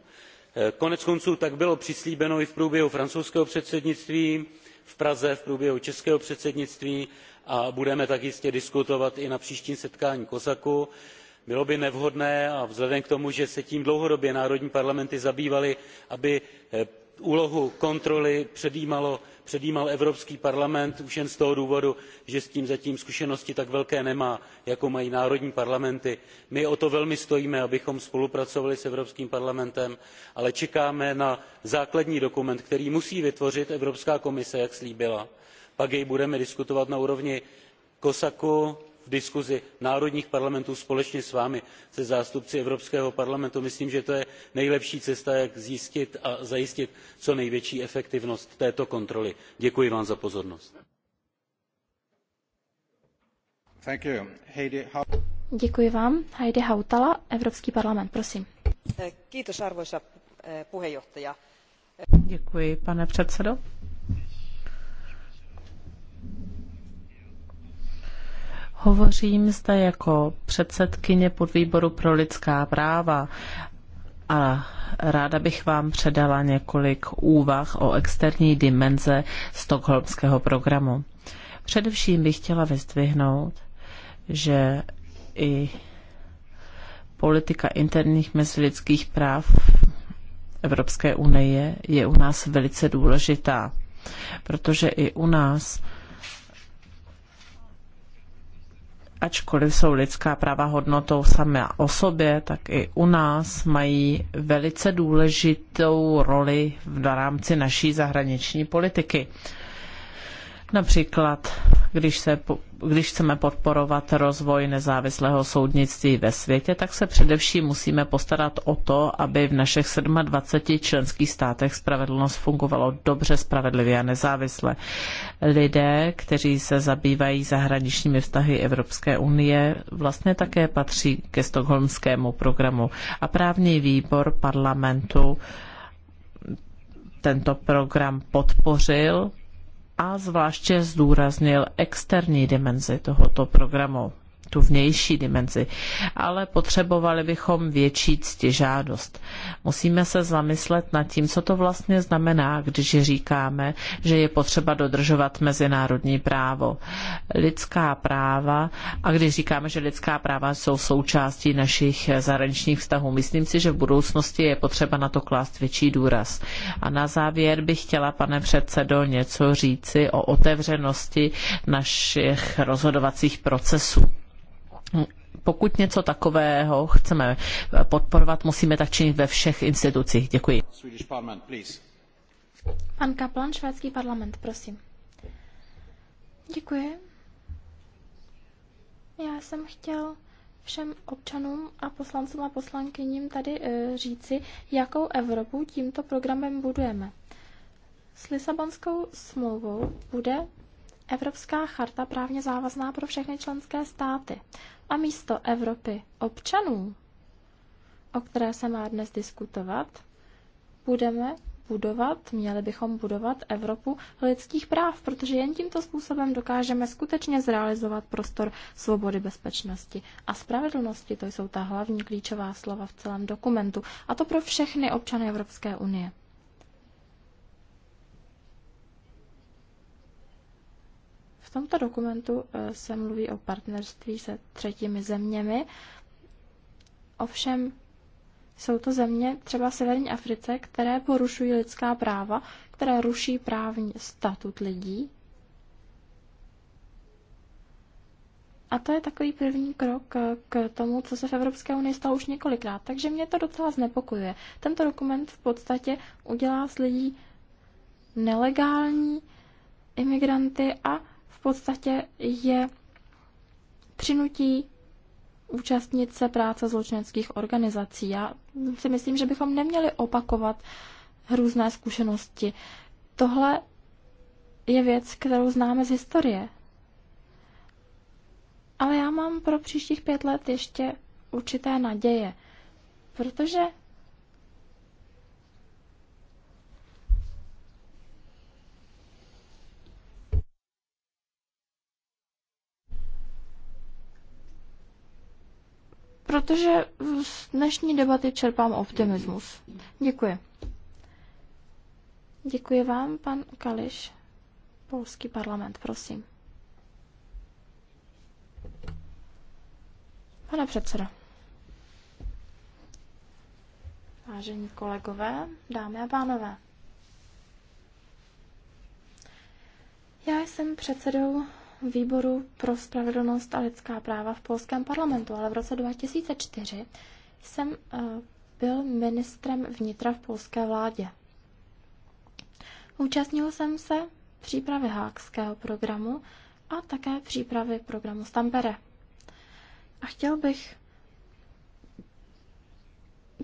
Eh, konec konců tak bylo přislíbeno i v průběhu francouzského předsednictví v praze v průběhu českého předsednictví a budeme tak jistě diskutovat i na příštím setkání cosacu bylo by nevhodné a vzhledem k tomu že se tím dlouhodobě národní parlamenty zabývaly aby eh, úlohu kontroly předjímal evropský parlament už jen z toho důvodu že s tím zatím zkušenosti tak velké nemá jako mají národní parlamenty. my o to velmi stojíme abychom spolupracovali s evropským parlamentem ale čekáme na základní dokument který musí vytvořit evropská komise jak slíbila pak jej budeme diskutovat na úrovni cosacu v diskusi národních parlamentů společně s vámi se zástupci evropského parlamentu. myslím že to je nejlepší cesta jak zjistit a zajistit co největší efektivnost této kontroly. děkuji vám za pozornost. pane předsedo. Hovořím zde jako předsedkyně podvýboru pro lidská práva a ráda bych vám předala několik úvah o externí dimenze stokholmského programu. Především bych chtěla vyzdvihnout, že i politika interních mezilidských práv Evropské unie je u nás velice důležitá, protože i u nás ačkoliv jsou lidská práva hodnotou samé o sobě, tak i u nás mají velice důležitou roli v rámci naší zahraniční politiky. Například, když, se, když chceme podporovat rozvoj nezávislého soudnictví ve světě, tak se především musíme postarat o to, aby v našich 27 členských státech spravedlnost fungovalo dobře, spravedlivě a nezávisle. Lidé, kteří se zabývají zahraničními vztahy Evropské unie, vlastně také patří ke stokholmskému programu. A právní výbor parlamentu tento program podpořil a zvláště zdůraznil externí dimenzi tohoto programu tu vnější dimenzi, ale potřebovali bychom větší ctižádost. Musíme se zamyslet nad tím, co to vlastně znamená, když říkáme, že je potřeba dodržovat mezinárodní právo. Lidská práva, a když říkáme, že lidská práva jsou součástí našich zahraničních vztahů, myslím si, že v budoucnosti je potřeba na to klást větší důraz. A na závěr bych chtěla, pane předsedo, něco říci o otevřenosti našich rozhodovacích procesů. No, pokud něco takového chceme podporovat, musíme tak činit ve všech institucích. Děkuji. Pan Kaplan, švédský parlament, prosím. Děkuji. Já jsem chtěl všem občanům a poslancům a poslankyním tady eh, říci, jakou Evropu tímto programem budujeme. S Lisabonskou smlouvou bude Evropská charta právně závazná pro všechny členské státy. A místo Evropy občanů, o které se má dnes diskutovat, budeme budovat, měli bychom budovat Evropu lidských práv, protože jen tímto způsobem dokážeme skutečně zrealizovat prostor svobody, bezpečnosti a spravedlnosti. To jsou ta hlavní klíčová slova v celém dokumentu. A to pro všechny občany Evropské unie. tomto dokumentu eh, se mluví o partnerství se třetími zeměmi. Ovšem jsou to země třeba Severní Africe, které porušují lidská práva, které ruší právní statut lidí. A to je takový první krok eh, k tomu, co se v Evropské unii stalo už několikrát. Takže mě to docela znepokojuje. Tento dokument v podstatě udělá z lidí nelegální imigranty a podstatě je přinutí účastnit se práce zločineckých organizací. Já si myslím, že bychom neměli opakovat hrůzné zkušenosti. Tohle je věc, kterou známe z historie. Ale já mám pro příštích pět let ještě určité naděje, protože protože z dnešní debaty čerpám optimismus. Děkuji. Děkuji vám, pan Kališ. Polský parlament, prosím. Pane předsedo. Vážení kolegové, dámy a pánové. Já jsem předsedou výboru pro spravedlnost a lidská práva v polském parlamentu, ale v roce 2004 jsem eh, byl ministrem vnitra v polské vládě. Účastnil jsem se přípravy hákského programu a také přípravy programu Stampere. A chtěl bych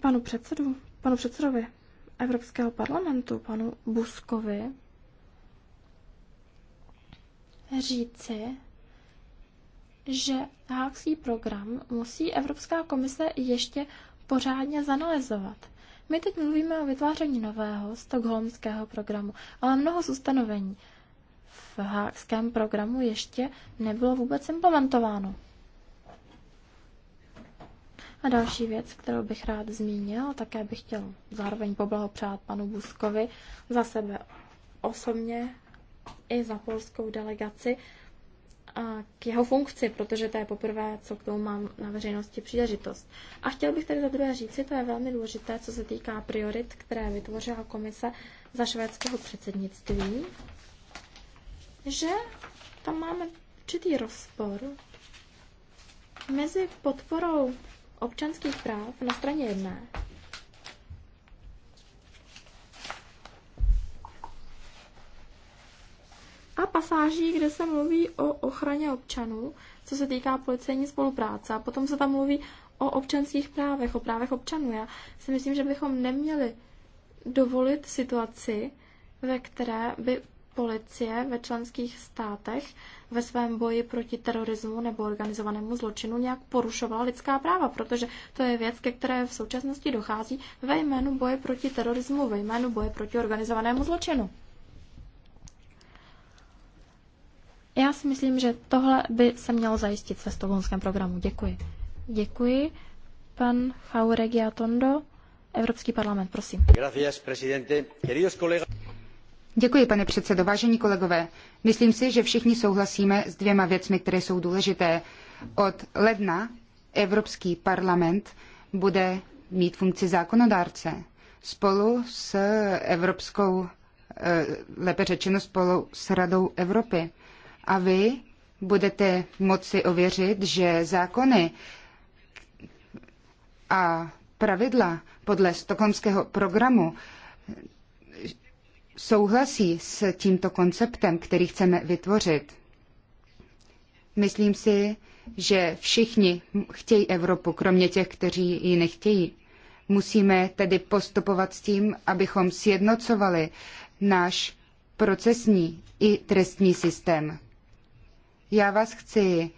panu předsedu, panu předsedovi Evropského parlamentu, panu Buskovi, říci, že hákský program musí Evropská komise ještě pořádně zanalizovat. My teď mluvíme o vytváření nového stokholmského programu, ale mnoho z ustanovení v hákském programu ještě nebylo vůbec implementováno. A další věc, kterou bych rád zmínil, také bych chtěl zároveň poblahopřát panu Buskovi za sebe osobně i za polskou delegaci k jeho funkci, protože to je poprvé, co k tomu mám na veřejnosti příležitost. A chtěl bych tady za druhé říci, to je velmi důležité, co se týká priorit, které vytvořila komise za švédského předsednictví, že tam máme určitý rozpor mezi podporou občanských práv na straně jedné a pasáží, kde se mluví o ochraně občanů, co se týká policejní spolupráce. A potom se tam mluví o občanských právech, o právech občanů. Já si myslím, že bychom neměli dovolit situaci, ve které by policie ve členských státech ve svém boji proti terorismu nebo organizovanému zločinu nějak porušovala lidská práva, protože to je věc, ke které v současnosti dochází ve jménu boje proti terorismu, ve jménu boje proti organizovanému zločinu. Já si myslím, že tohle by se mělo zajistit ve stokholmském programu. Děkuji. Děkuji. Pan Jauregia Tondo, Evropský parlament, prosím. Gracias, presidente. Queridos Děkuji, pane předsedo. Vážení kolegové, myslím si, že všichni souhlasíme s dvěma věcmi, které jsou důležité. Od ledna Evropský parlament bude mít funkci zákonodárce spolu s Evropskou, eh, lépe řečeno spolu s Radou Evropy. A vy budete moci ověřit, že zákony a pravidla podle stokholmského programu souhlasí s tímto konceptem, který chceme vytvořit. Myslím si, že všichni chtějí Evropu, kromě těch, kteří ji nechtějí. Musíme tedy postupovat s tím, abychom sjednocovali náš procesní i trestní systém. Já vás chci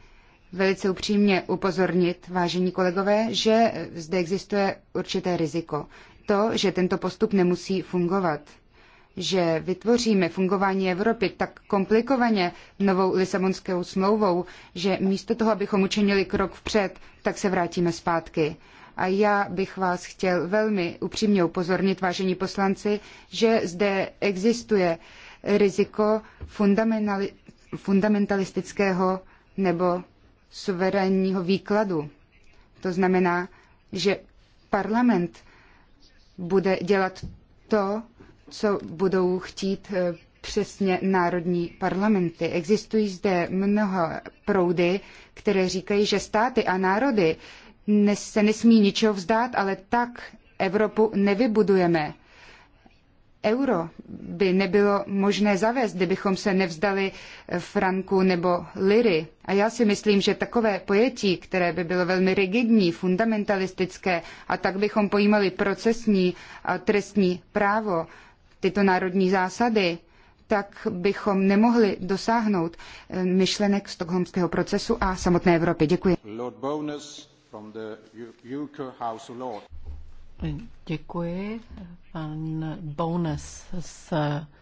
velice upřímně upozornit, vážení kolegové, že zde existuje určité riziko. To, že tento postup nemusí fungovat že vytvoříme fungování Evropy tak komplikovaně novou Lisabonskou smlouvou, že místo toho, abychom učinili krok vpřed, tak se vrátíme zpátky. A já bych vás chtěl velmi upřímně upozornit, vážení poslanci, že zde existuje riziko fundamentali- fundamentalistického nebo suverénního výkladu. To znamená, že parlament bude dělat to, co budou chtít eh, přesně národní parlamenty. Existují zde mnoho proudy, které říkají, že státy a národy se nesmí ničeho vzdát, ale tak Evropu nevybudujeme euro by nebylo možné zavést, kdybychom se nevzdali franku nebo liry. A já si myslím, že takové pojetí, které by bylo velmi rigidní, fundamentalistické, a tak bychom pojímali procesní a trestní právo, tyto národní zásady, tak bychom nemohli dosáhnout eh, myšlenek stokholmského procesu a samotné Evropy. Děkuji. Děkuji. Pan Bones z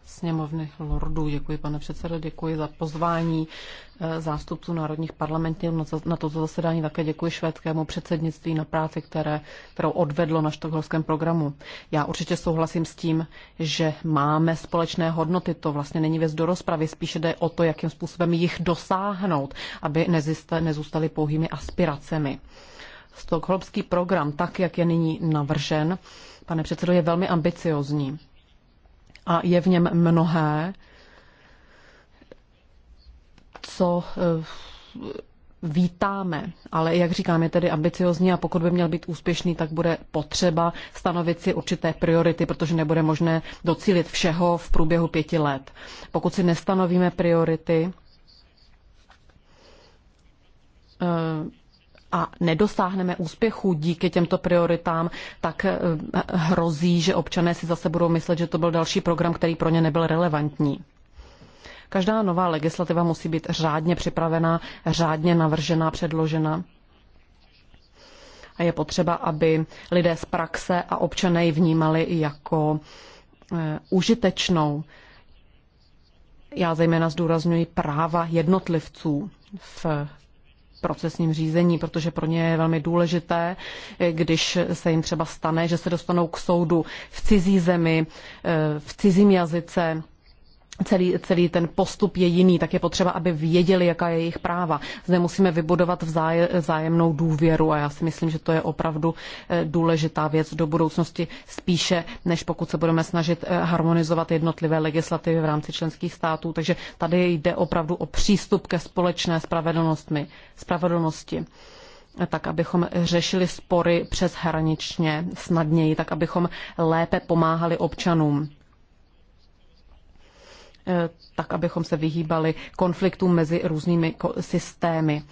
sněmovny lordů. Děkuji, pane předsedo, děkuji za pozvání eh, zástupců národních parlamentů na toto zasedání. Také děkuji švédskému předsednictví na práci, které, kterou odvedlo na štokholském programu. Já určitě souhlasím s tím, že máme společné hodnoty. To vlastně není věc do rozpravy, spíše jde o to, jakým způsobem jich dosáhnout, aby nezůstaly pouhými aspiracemi. Stokholmský program, tak jak je nyní navržen, pane předsedo, je velmi ambiciozní a je v něm mnohé, co eh, vítáme, ale jak říkám, je tedy ambiciozní a pokud by měl být úspěšný, tak bude potřeba stanovit si určité priority, protože nebude možné docílit všeho v průběhu pěti let. Pokud si nestanovíme priority, eh, a nedosáhneme úspěchu díky těmto prioritám, tak eh, hrozí, že občané si zase budou myslet, že to byl další program, který pro ně nebyl relevantní. Každá nová legislativa musí být řádně připravená, řádně navržená, předložena. A je potřeba, aby lidé z praxe a občané ji vnímali jako e, užitečnou. Já zejména zdůraznuju práva jednotlivců v procesním řízení, protože pro ně je velmi důležité, eh, když se jim třeba stane, že se dostanou k soudu v cizí zemi, eh, v cizím jazyce, celý, celý ten postup je jiný, tak je potřeba, aby věděli, jaká je jejich práva. Zde musíme vybudovat vzáj, vzájemnou důvěru a já si myslím, že to je opravdu eh, důležitá věc do budoucnosti spíše, než pokud se budeme snažit eh, harmonizovat jednotlivé legislativy v rámci členských států. Takže tady jde opravdu o přístup ke společné spravedlnosti. spravedlnosti eh, tak abychom řešili spory přes hraničně snadněji, tak abychom lépe pomáhali občanům. Eh, tak abychom se vyhýbali konfliktům mezi různými systémy,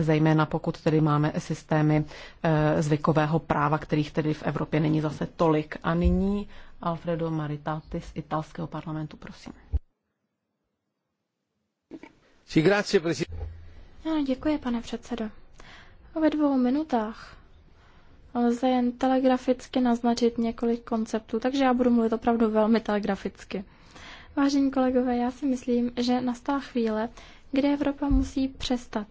zejména pokud tedy máme systémy eh, zvykového práva, kterých tedy v Evropě není zase tolik. A nyní Alfredo Maritati z italského parlamentu, prosím. Ano, děkuji, pane předsedo. Ve dvou minutách lze jen telegraficky naznačit několik konceptů, takže já budu mluvit opravdu velmi telegraficky. Vážení kolegové, já si myslím, že nastala chvíle, kdy Evropa musí přestat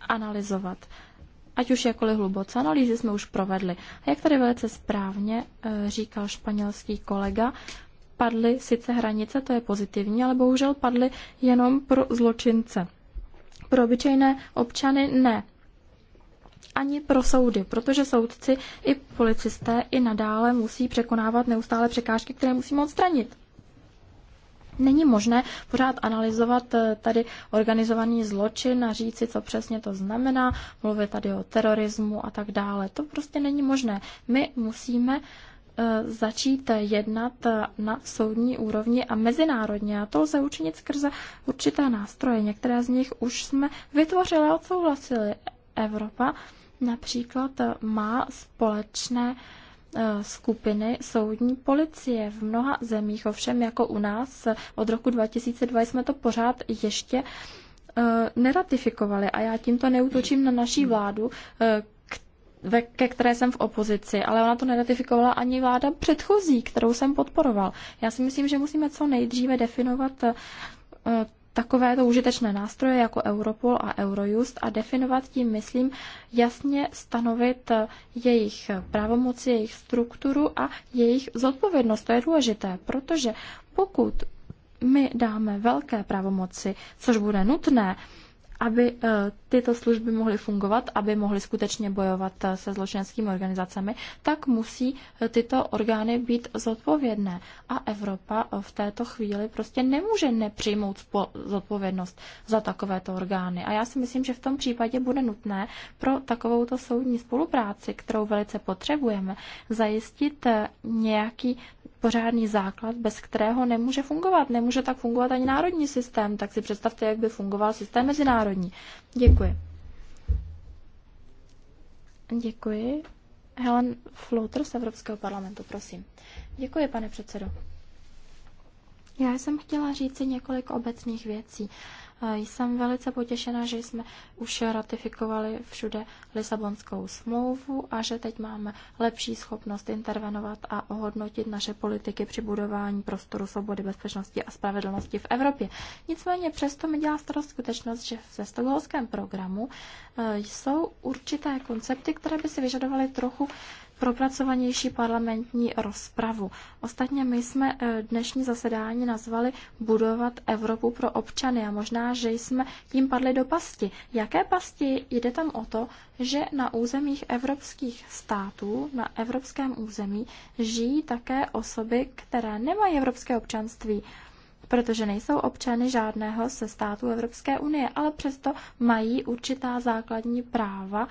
analyzovat. Ať už jakkoliv hluboce, analýzy jsme už provedli. A jak tady velice správně eh, říkal španělský kolega, padly sice hranice, to je pozitivní, ale bohužel padly jenom pro zločince. Pro obyčejné občany ne. Ani pro soudy, protože soudci i policisté i nadále musí překonávat neustále překážky, které musíme odstranit. Není možné pořád analyzovat eh, tady organizovaný zločin a říci, co přesně to znamená, mluvit tady o terorismu a tak dále. To prostě není možné. My musíme eh, začít jednat eh, na soudní úrovni a mezinárodně. A to lze učinit skrze určité nástroje. Některé z nich už jsme vytvořili a odsouhlasili. Evropa například má společné uh, Eh, skupiny soudní policie. V mnoha zemích, ovšem jako u nás, od roku 2002 jsme to pořád ještě eh, neratifikovali. A já tímto neutočím na naší vládu, eh, ke které jsem v opozici, ale ona to neratifikovala ani vláda předchozí, kterou jsem podporoval. Já si myslím, že musíme co nejdříve definovat takovéto užitečné nástroje jako Europol a Eurojust a definovat tím, myslím, jasně stanovit eh, jejich pravomoci, jejich strukturu a jejich zodpovědnost. To je důležité, protože pokud my dáme velké pravomoci, což bude nutné, aby eh, tyto služby mohly fungovat, aby mohly skutečně bojovat eh, se zločineckými organizacemi, tak musí eh, tyto orgány být zodpovědné. A Evropa v této chvíli prostě nemůže nepřijmout zodpovědnost za takovéto orgány. A já si myslím, že v tom případě bude nutné pro takovouto soudní spolupráci, kterou velice potřebujeme, zajistit nějaký pořádný základ, bez kterého nemůže fungovat. Nemůže tak fungovat ani národní systém. Tak si představte, jak by fungoval systém mezinárodní. Děkuji. Děkuji. Helen Flouter z Evropského parlamentu, prosím. Děkuji, pane předsedo. Já jsem chtěla říct si několik obecných věcí. Jsem velice potěšena, že jsme už ratifikovali všude Lisabonskou smlouvu a že teď máme lepší schopnost intervenovat a ohodnotit naše politiky při budování prostoru svobody, bezpečnosti a spravedlnosti v Evropě. Nicméně přesto mi dělá starost skutečnost, že ve stokholmském programu e, jsou určité koncepty, které by si vyžadovaly trochu propracovanější parlamentní rozpravu. Ostatně my jsme eh, dnešní zasedání nazvali Budovat Evropu pro občany a možná, že jsme tím padli do pasti. Jaké pasti? Jde tam o to, že na územích evropských států, na evropském území, žijí také osoby, které nemají evropské občanství protože nejsou občany žádného ze států Evropské unie, ale přesto mají určitá základní práva,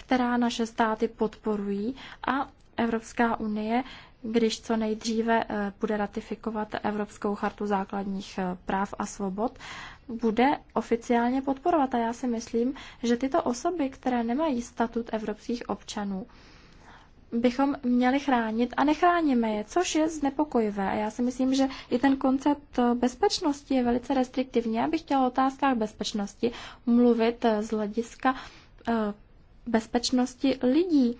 která naše státy podporují a Evropská unie, když co nejdříve eh, bude ratifikovat Evropskou chartu základních eh, práv a svobod, bude oficiálně podporovat. A já si myslím, že tyto osoby, které nemají statut evropských občanů, bychom měli chránit a nechráníme je, což je znepokojivé. A já si myslím, že i ten koncept eh, bezpečnosti je velice restriktivní. Já bych chtěla o otázkách bezpečnosti mluvit z hlediska bezpečnosti lidí.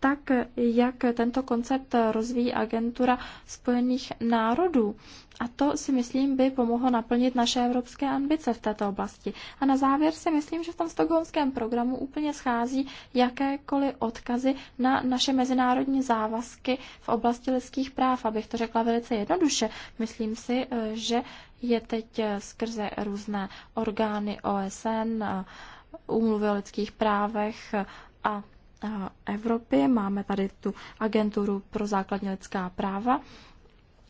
Tak, jak tento koncept rozvíjí agentura Spojených národů. A to si myslím by pomohlo naplnit naše evropské ambice v této oblasti. A na závěr si myslím, že v tom stokholmském programu úplně schází jakékoliv odkazy na naše mezinárodní závazky v oblasti lidských práv. Abych to řekla velice jednoduše, myslím si, eh, že je teď eh, skrze různé orgány OSN, úmluvy o lidských právech a Evropy. Máme tady tu agenturu pro základní lidská práva.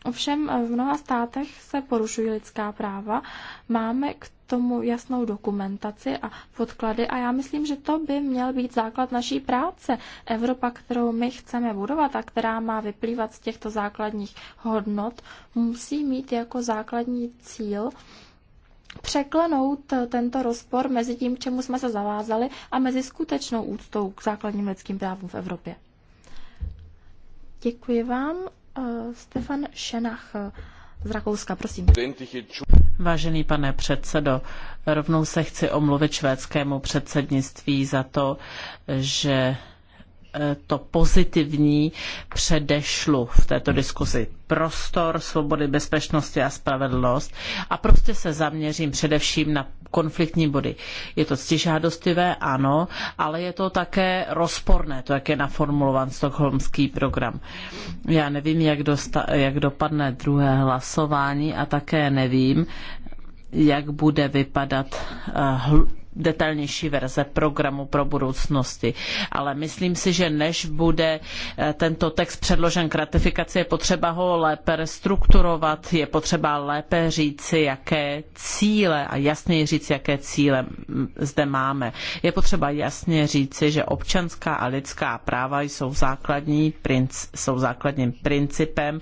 Ovšem v mnoha státech se porušují lidská práva. Máme k tomu jasnou dokumentaci a podklady a já myslím, že to by měl být základ naší práce. Evropa, kterou my chceme budovat a která má vyplývat z těchto základních hodnot, musí mít jako základní cíl uh, překlenout eh, tento rozpor mezi tím, k čemu jsme se zavázali, a mezi skutečnou úctou k základním lidským právům v Evropě. Děkuji vám. Eh, Stefan Šenach eh, z Rakouska, prosím. Vážený pane předsedo, rovnou se chci omluvit švédskému předsednictví za to, že to pozitivní předešlu v této diskuzi. Prostor svobody, bezpečnosti a spravedlnost a prostě se zaměřím především na konfliktní body. Je to ctižádostivé, ano, ale je to také rozporné, to, jak je naformulovan stokholmský program. Já nevím, jak, dosta- jak dopadne druhé hlasování a také nevím, jak bude vypadat eh, detailnější verze programu pro budoucnosti. Ale myslím si, že než bude eh, tento text předložen k ratifikaci, je potřeba ho lépe restrukturovat, je potřeba lépe říci, jaké cíle a jasně říci, jaké cíle zde máme. Je potřeba jasně říci, že občanská a lidská práva jsou, základní, jsou základním principem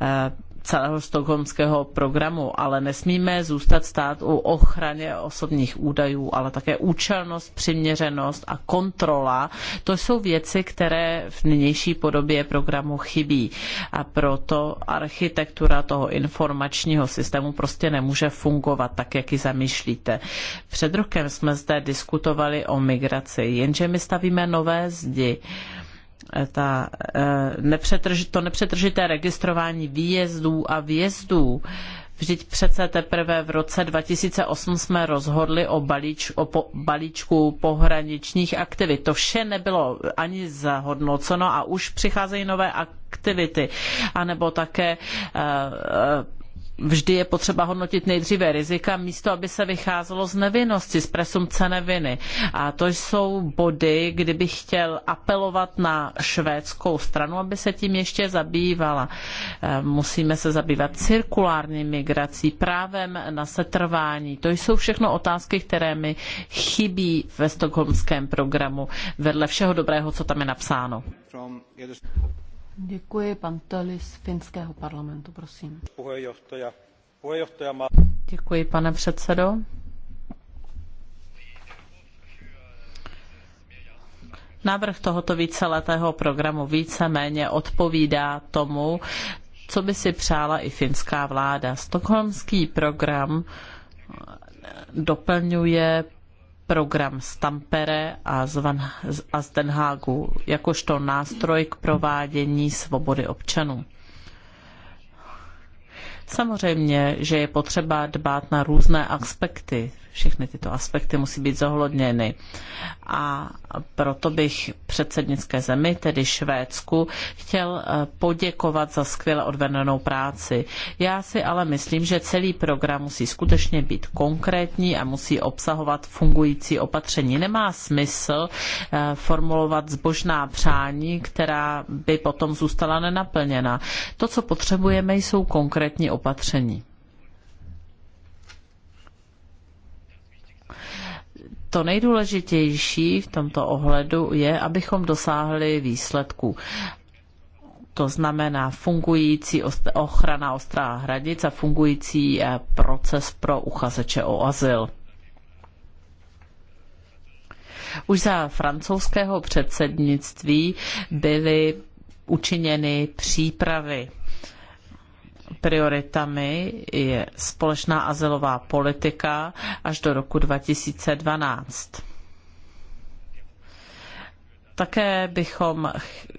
eh, celého stokholmského programu, ale nesmíme zůstat stát u ochraně osobních údajů, ale také účelnost, přiměřenost a kontrola. To jsou věci, které v nynější podobě programu chybí. A proto architektura toho informačního systému prostě nemůže fungovat tak, jak ji zamýšlíte. Před rokem jsme zde diskutovali o migraci, jenže my stavíme nové zdi ta, eh, to nepřetržité registrování výjezdů a vjezdů. Vždyť přece teprve v roce 2008 jsme rozhodli o, balíč, o po, balíčku pohraničních aktivit. To vše nebylo ani zahodnoceno a už přicházejí nové aktivity. A nebo také uh, uh, vždy je potřeba hodnotit nejdříve rizika, místo aby se vycházelo z nevinnosti, z presumce neviny. A to jsou body, kdy bych chtěl apelovat na švédskou stranu, aby se tím ještě zabývala. Eh, musíme se zabývat cirkulární migrací, právem na setrvání. To jsou všechno otázky, které mi chybí ve stokholmském programu vedle všeho dobrého, co tam je napsáno. Děkuji, pan Telis z finského parlamentu, prosím. Děkuji, pane předsedo. Návrh tohoto víceletého programu víceméně odpovídá tomu, co by si přála i finská vláda. Stockholmský program doplňuje program z Tampere a z, Van, a z Den Hagu jakožto nástroj k provádění svobody občanů. Samozřejmě, že je potřeba dbát na různé aspekty všechny tyto aspekty musí být zohledněny. A proto bych předsednické zemi, tedy Švédsku, chtěl eh, poděkovat za skvěle odvedenou práci. Já si ale myslím, že celý program musí skutečně být konkrétní a musí obsahovat fungující opatření. Nemá smysl eh, formulovat zbožná přání, která by potom zůstala nenaplněna. To, co potřebujeme, jsou konkrétní opatření. to nejdůležitější v tomto ohledu je, abychom dosáhli výsledků to znamená fungující ochrana ostrá hranic a fungující eh, proces pro uchazeče o azyl. Už za francouzského předsednictví byly učiněny přípravy prioritami je společná azylová politika až do roku 2012. Také bychom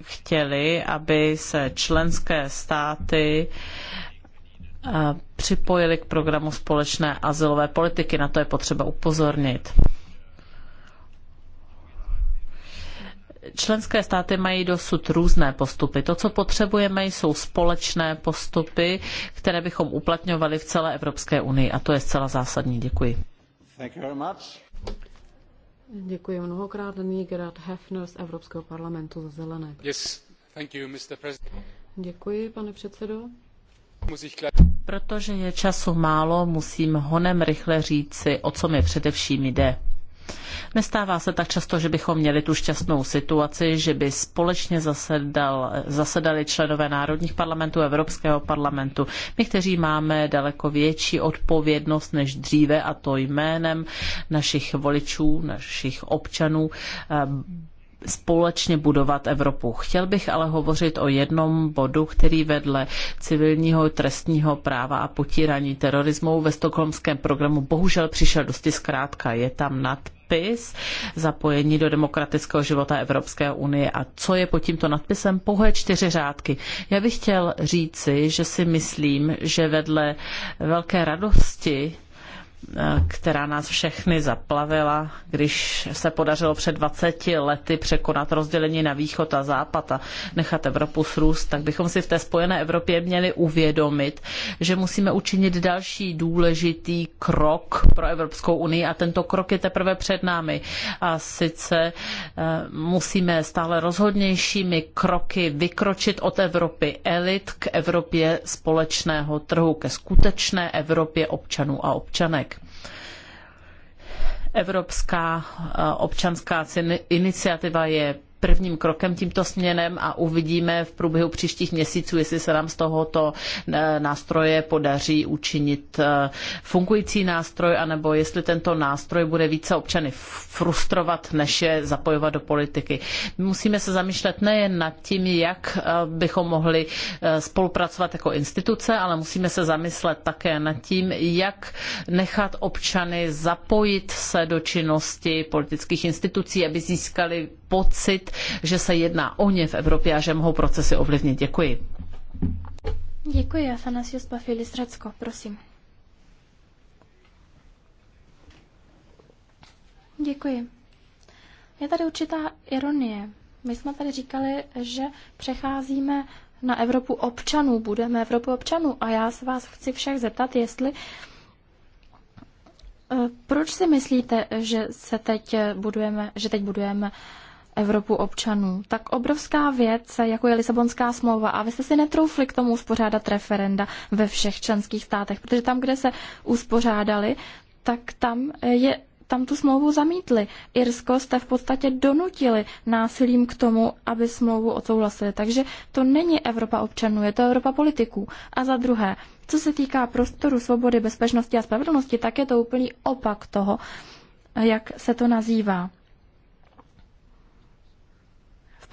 chtěli, aby se členské státy eh, připojili k programu společné azylové politiky. Na to je potřeba upozornit. Členské státy mají dosud různé postupy. To, co potřebujeme, jsou společné postupy, které bychom uplatňovali v celé Evropské unii. A to je zcela zásadní. Děkuji. Děkuji mnohokrát. Nyní Gerard Hefner z Evropského parlamentu za zelené. Yes, thank you, Mr. President. Děkuji, pane předsedo. Protože je času málo, musím honem rychle říci, o co mi především jde. Nestává se tak často, že bychom měli tu šťastnou situaci, že by společně zasedal, zasedali členové národních parlamentů Evropského parlamentu. My, kteří máme daleko větší odpovědnost než dříve, a to jménem našich voličů, našich občanů, společně budovat Evropu. Chtěl bych ale hovořit o jednom bodu, který vedle civilního trestního práva a potírání terorismu ve stokholmském programu bohužel přišel dosti zkrátka. Je tam nadpis zapojení do demokratického života Evropské unie. A co je pod tímto nadpisem? Pouhé čtyři řádky. Já bych chtěl říci, že si myslím, že vedle velké radosti která nás všechny zaplavila, když se podařilo před 20 lety překonat rozdělení na východ a západ a nechat Evropu srůst, tak bychom si v té spojené Evropě měli uvědomit, že musíme učinit další důležitý krok pro Evropskou unii a tento krok je teprve před námi. A sice eh, musíme stále rozhodnějšími kroky vykročit od Evropy elit k Evropě společného trhu, ke skutečné Evropě občanů a občanek. Evropská eh, občanská iniciativa je prvním krokem tímto směrem a uvidíme v průběhu příštích měsíců, jestli se nám z tohoto eh, nástroje podaří učinit eh, fungující nástroj, anebo jestli tento nástroj bude více občany frustrovat, než je zapojovat do politiky. My musíme se zamýšlet nejen nad tím, jak eh, bychom mohli spolupracovat jako instituce, ale musíme se zamyslet také nad tím, jak nechat občany zapojit se do činnosti politických institucí, aby získali pocit, že se jedná o ně v Evropě a že mohou procesy ovlivnit. Děkuji. Děkuji, Afanasios Pafilis Řecko, prosím. Děkuji. Je tady určitá ironie. My jsme tady říkali, že přecházíme na Evropu občanů, budeme Evropu občanů. A já se vás chci všech zeptat, jestli eh, proč si myslíte, že se teď budujeme, že teď budujeme Evropu občanů. Tak obrovská věc, jako je Lisabonská smlouva, a vy jste si netroufli k tomu uspořádat referenda ve všech členských státech, protože tam, kde se uspořádali, tak tam eh, je tam tu smlouvu zamítli. Irsko jste v podstatě donutili násilím k tomu, aby smlouvu odsouhlasili. Takže to není Evropa občanů, je to Evropa politiků. A za druhé, co se týká prostoru svobody, bezpečnosti a spravedlnosti, tak je to úplný opak toho, jak se to nazývá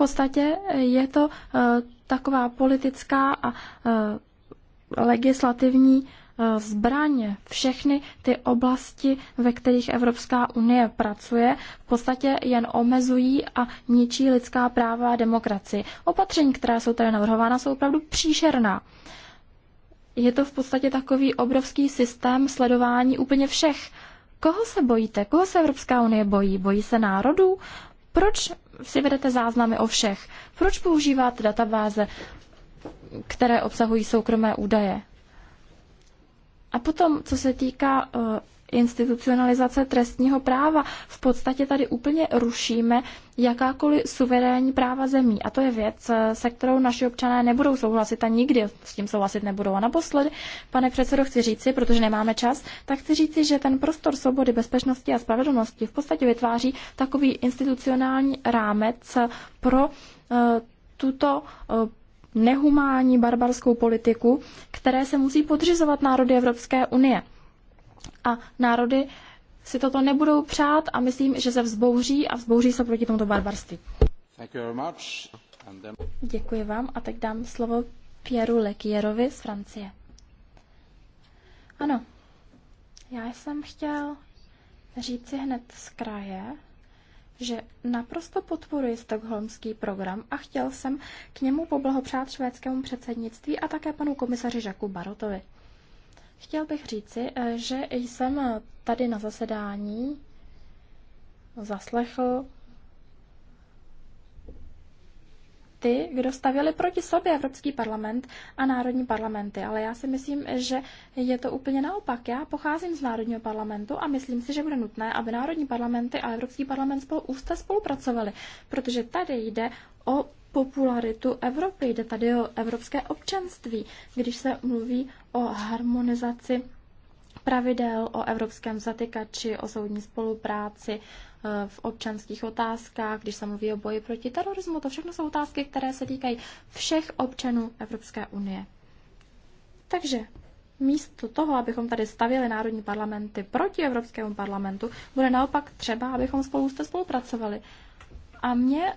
podstatě je to eh, taková politická a eh, legislativní eh, zbraň. Všechny ty oblasti, ve kterých Evropská unie pracuje, v podstatě jen omezují a ničí lidská práva a demokracii. Opatření, která jsou tady navrhována, jsou opravdu příšerná. Je to v podstatě takový obrovský systém sledování úplně všech. Koho se bojíte? Koho se Evropská unie bojí? Bojí se národů? Proč si vedete záznamy o všech. Proč používáte databáze, které obsahují soukromé údaje? A potom, co se týká eh, institucionalizace trestního práva. V podstatě tady úplně rušíme jakákoliv suverénní práva zemí. A to je věc, eh, se kterou naši občané nebudou souhlasit a nikdy s tím souhlasit nebudou. A naposledy, pane předsedo, chci říci, protože nemáme čas, tak chci říci, že ten prostor svobody, bezpečnosti a spravedlnosti v podstatě vytváří takový institucionální rámec pro eh, tuto eh, nehumánní barbarskou politiku, které se musí podřizovat národy Evropské unie. A národy si toto nebudou přát a myslím, že se vzbouří a vzbouří se proti tomuto barbarství. Then... Děkuji vám a teď dám slovo Pieru Lekierovi z Francie. Ano, já jsem chtěl říct si hned z kraje, že naprosto podporuji stokholmský program a chtěl jsem k němu poblahopřát švédskému předsednictví a také panu komisaři Žaku Barotovi. Chtěl bych říci, eh, že jsem eh, tady na zasedání zaslechl ty, kdo stavěli proti sobě Evropský parlament a národní parlamenty. Ale já si myslím, že je to úplně naopak. Já pocházím z národního parlamentu a myslím si, že bude nutné, aby národní parlamenty a Evropský parlament spolu úzce spolupracovali, protože tady jde o popularitu Evropy. Jde tady o evropské občanství, když se mluví o harmonizaci pravidel o evropském zatykači, o soudní spolupráci eh, v občanských otázkách, když se mluví o boji proti terorismu. To všechno jsou otázky, které se týkají všech občanů Evropské unie. Takže místo toho, abychom tady stavěli národní parlamenty proti Evropskému parlamentu, bude naopak třeba, abychom spolu jste spolupracovali. A mě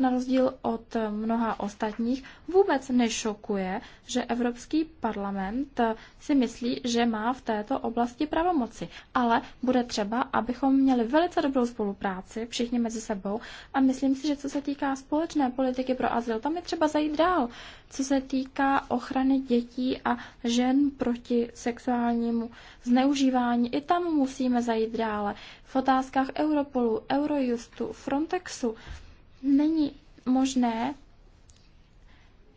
na rozdíl od mnoha ostatních, vůbec nešokuje, že Evropský parlament si myslí, že má v této oblasti pravomoci. Ale bude třeba, abychom měli velice dobrou spolupráci všichni mezi sebou a myslím si, že co se týká společné politiky pro azyl, tam je třeba zajít dál. Co se týká ochrany dětí a žen proti sexuálnímu zneužívání, i tam musíme zajít dále. V otázkách Europolu, Eurojustu, Frontexu, Není možné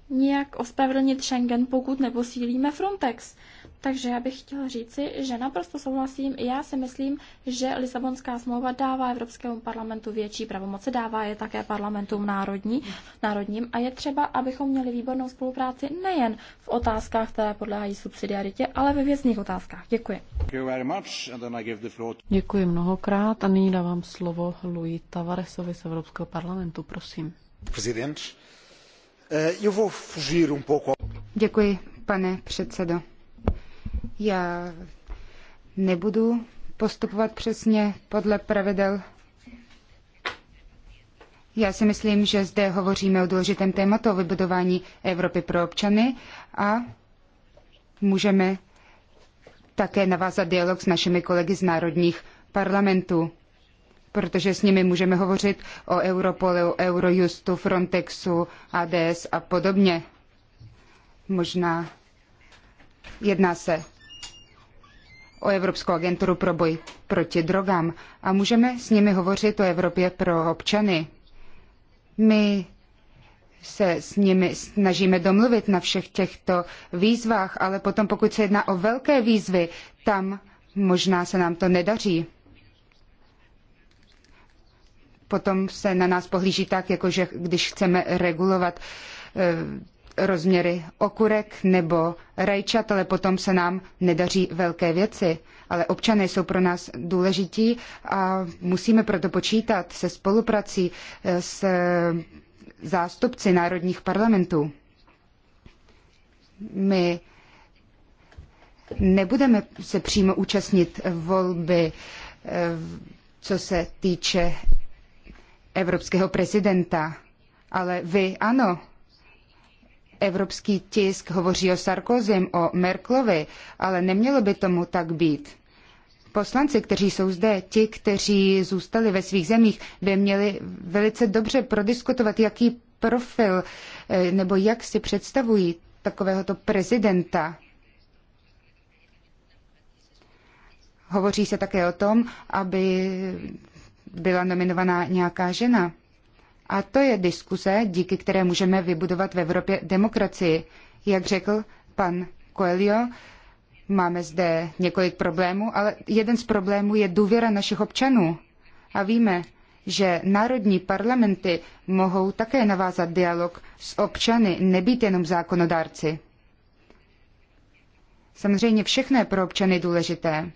nijak ospravedlnit Schengen, pokud neposílíme Frontex. Takže já bych chtěla říci, že naprosto souhlasím. Já si myslím, že Lisabonská smlouva dává Evropskému parlamentu větší pravomoce, dává je také parlamentům národní, národním a je třeba, abychom měli výbornou spolupráci nejen v otázkách, které podléhají subsidiaritě, ale ve věcných otázkách. Děkuji. Děkuji mnohokrát a nyní dávám slovo Louis Tavaresovi z Evropského parlamentu. Prosím. Eh, um Děkuji, pane předsedo. Já nebudu postupovat přesně podle pravidel. Já si myslím, že zde hovoříme o důležitém tématu o vybudování Evropy pro občany a můžeme také navázat dialog s našimi kolegy z národních parlamentů, protože s nimi můžeme hovořit o Europolu, Eurojustu, Frontexu, ADS a podobně. Možná jedná se o Evropskou agenturu pro boj proti drogám a můžeme s nimi hovořit o Evropě pro občany. My se s nimi snažíme domluvit na všech těchto výzvách, ale potom pokud se jedná o velké výzvy, tam možná se nám to nedaří. Potom se na nás pohlíží tak, jako že když chceme regulovat eh, rozměry okurek nebo rajčat, ale potom se nám nedaří velké věci. Ale občané jsou pro nás důležití a musíme proto počítat se spoluprací s eh, zástupci národních parlamentů. My nebudeme se přímo účastnit volby, eh, co se týče evropského prezidenta, ale vy ano. Evropský tisk hovoří o Sarkozym, o Merklovi, ale nemělo by tomu tak být. Poslanci, kteří jsou zde, ti, kteří zůstali ve svých zemích, by měli velice dobře prodiskutovat, jaký profil eh, nebo jak si představují takovéhoto prezidenta. Hovoří se také o tom, aby byla nominovaná nějaká žena. A to je diskuze, díky které můžeme vybudovat v Evropě demokracii. Jak řekl pan Coelho, máme zde několik problémů, ale jeden z problémů je důvěra našich občanů. A víme, že národní parlamenty mohou také navázat dialog s občany, nebýt jenom zákonodárci. Samozřejmě všechno je pro občany důležité.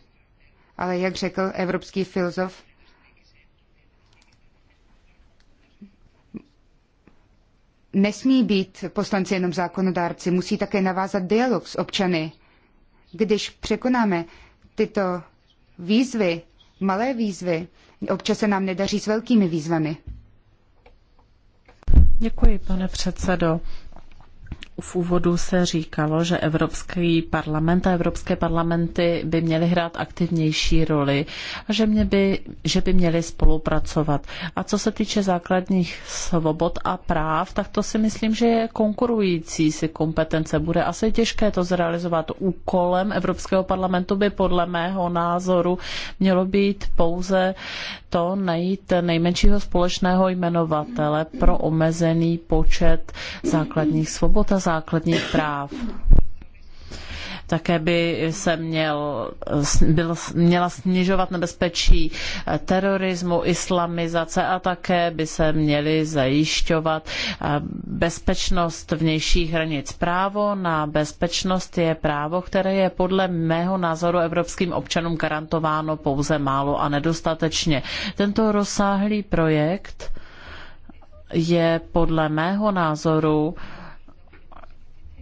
Ale jak řekl evropský filozof Nesmí být poslanci jenom zákonodárci, musí také navázat dialog s občany. Když překonáme tyto výzvy, malé výzvy, občas se nám nedaří s velkými výzvami. Děkuji, pane předsedo v úvodu se říkalo, že Evropský parlament a Evropské parlamenty by měly hrát aktivnější roli a že, mě by, že by měly spolupracovat. A co se týče základních svobod a práv, tak to si myslím, že je konkurující si kompetence. Bude asi těžké to zrealizovat. Úkolem Evropského parlamentu by podle mého názoru mělo být pouze to najít nejmenšího společného jmenovatele pro omezený počet základních svobod a základních práv. Také by se měl, byl, měla snižovat nebezpečí terorismu, islamizace a také by se měly zajišťovat eh, bezpečnost vnějších hranic. Právo na bezpečnost je právo, které je podle mého názoru evropským občanům garantováno pouze málo a nedostatečně. Tento rozsáhlý projekt je podle mého názoru uh,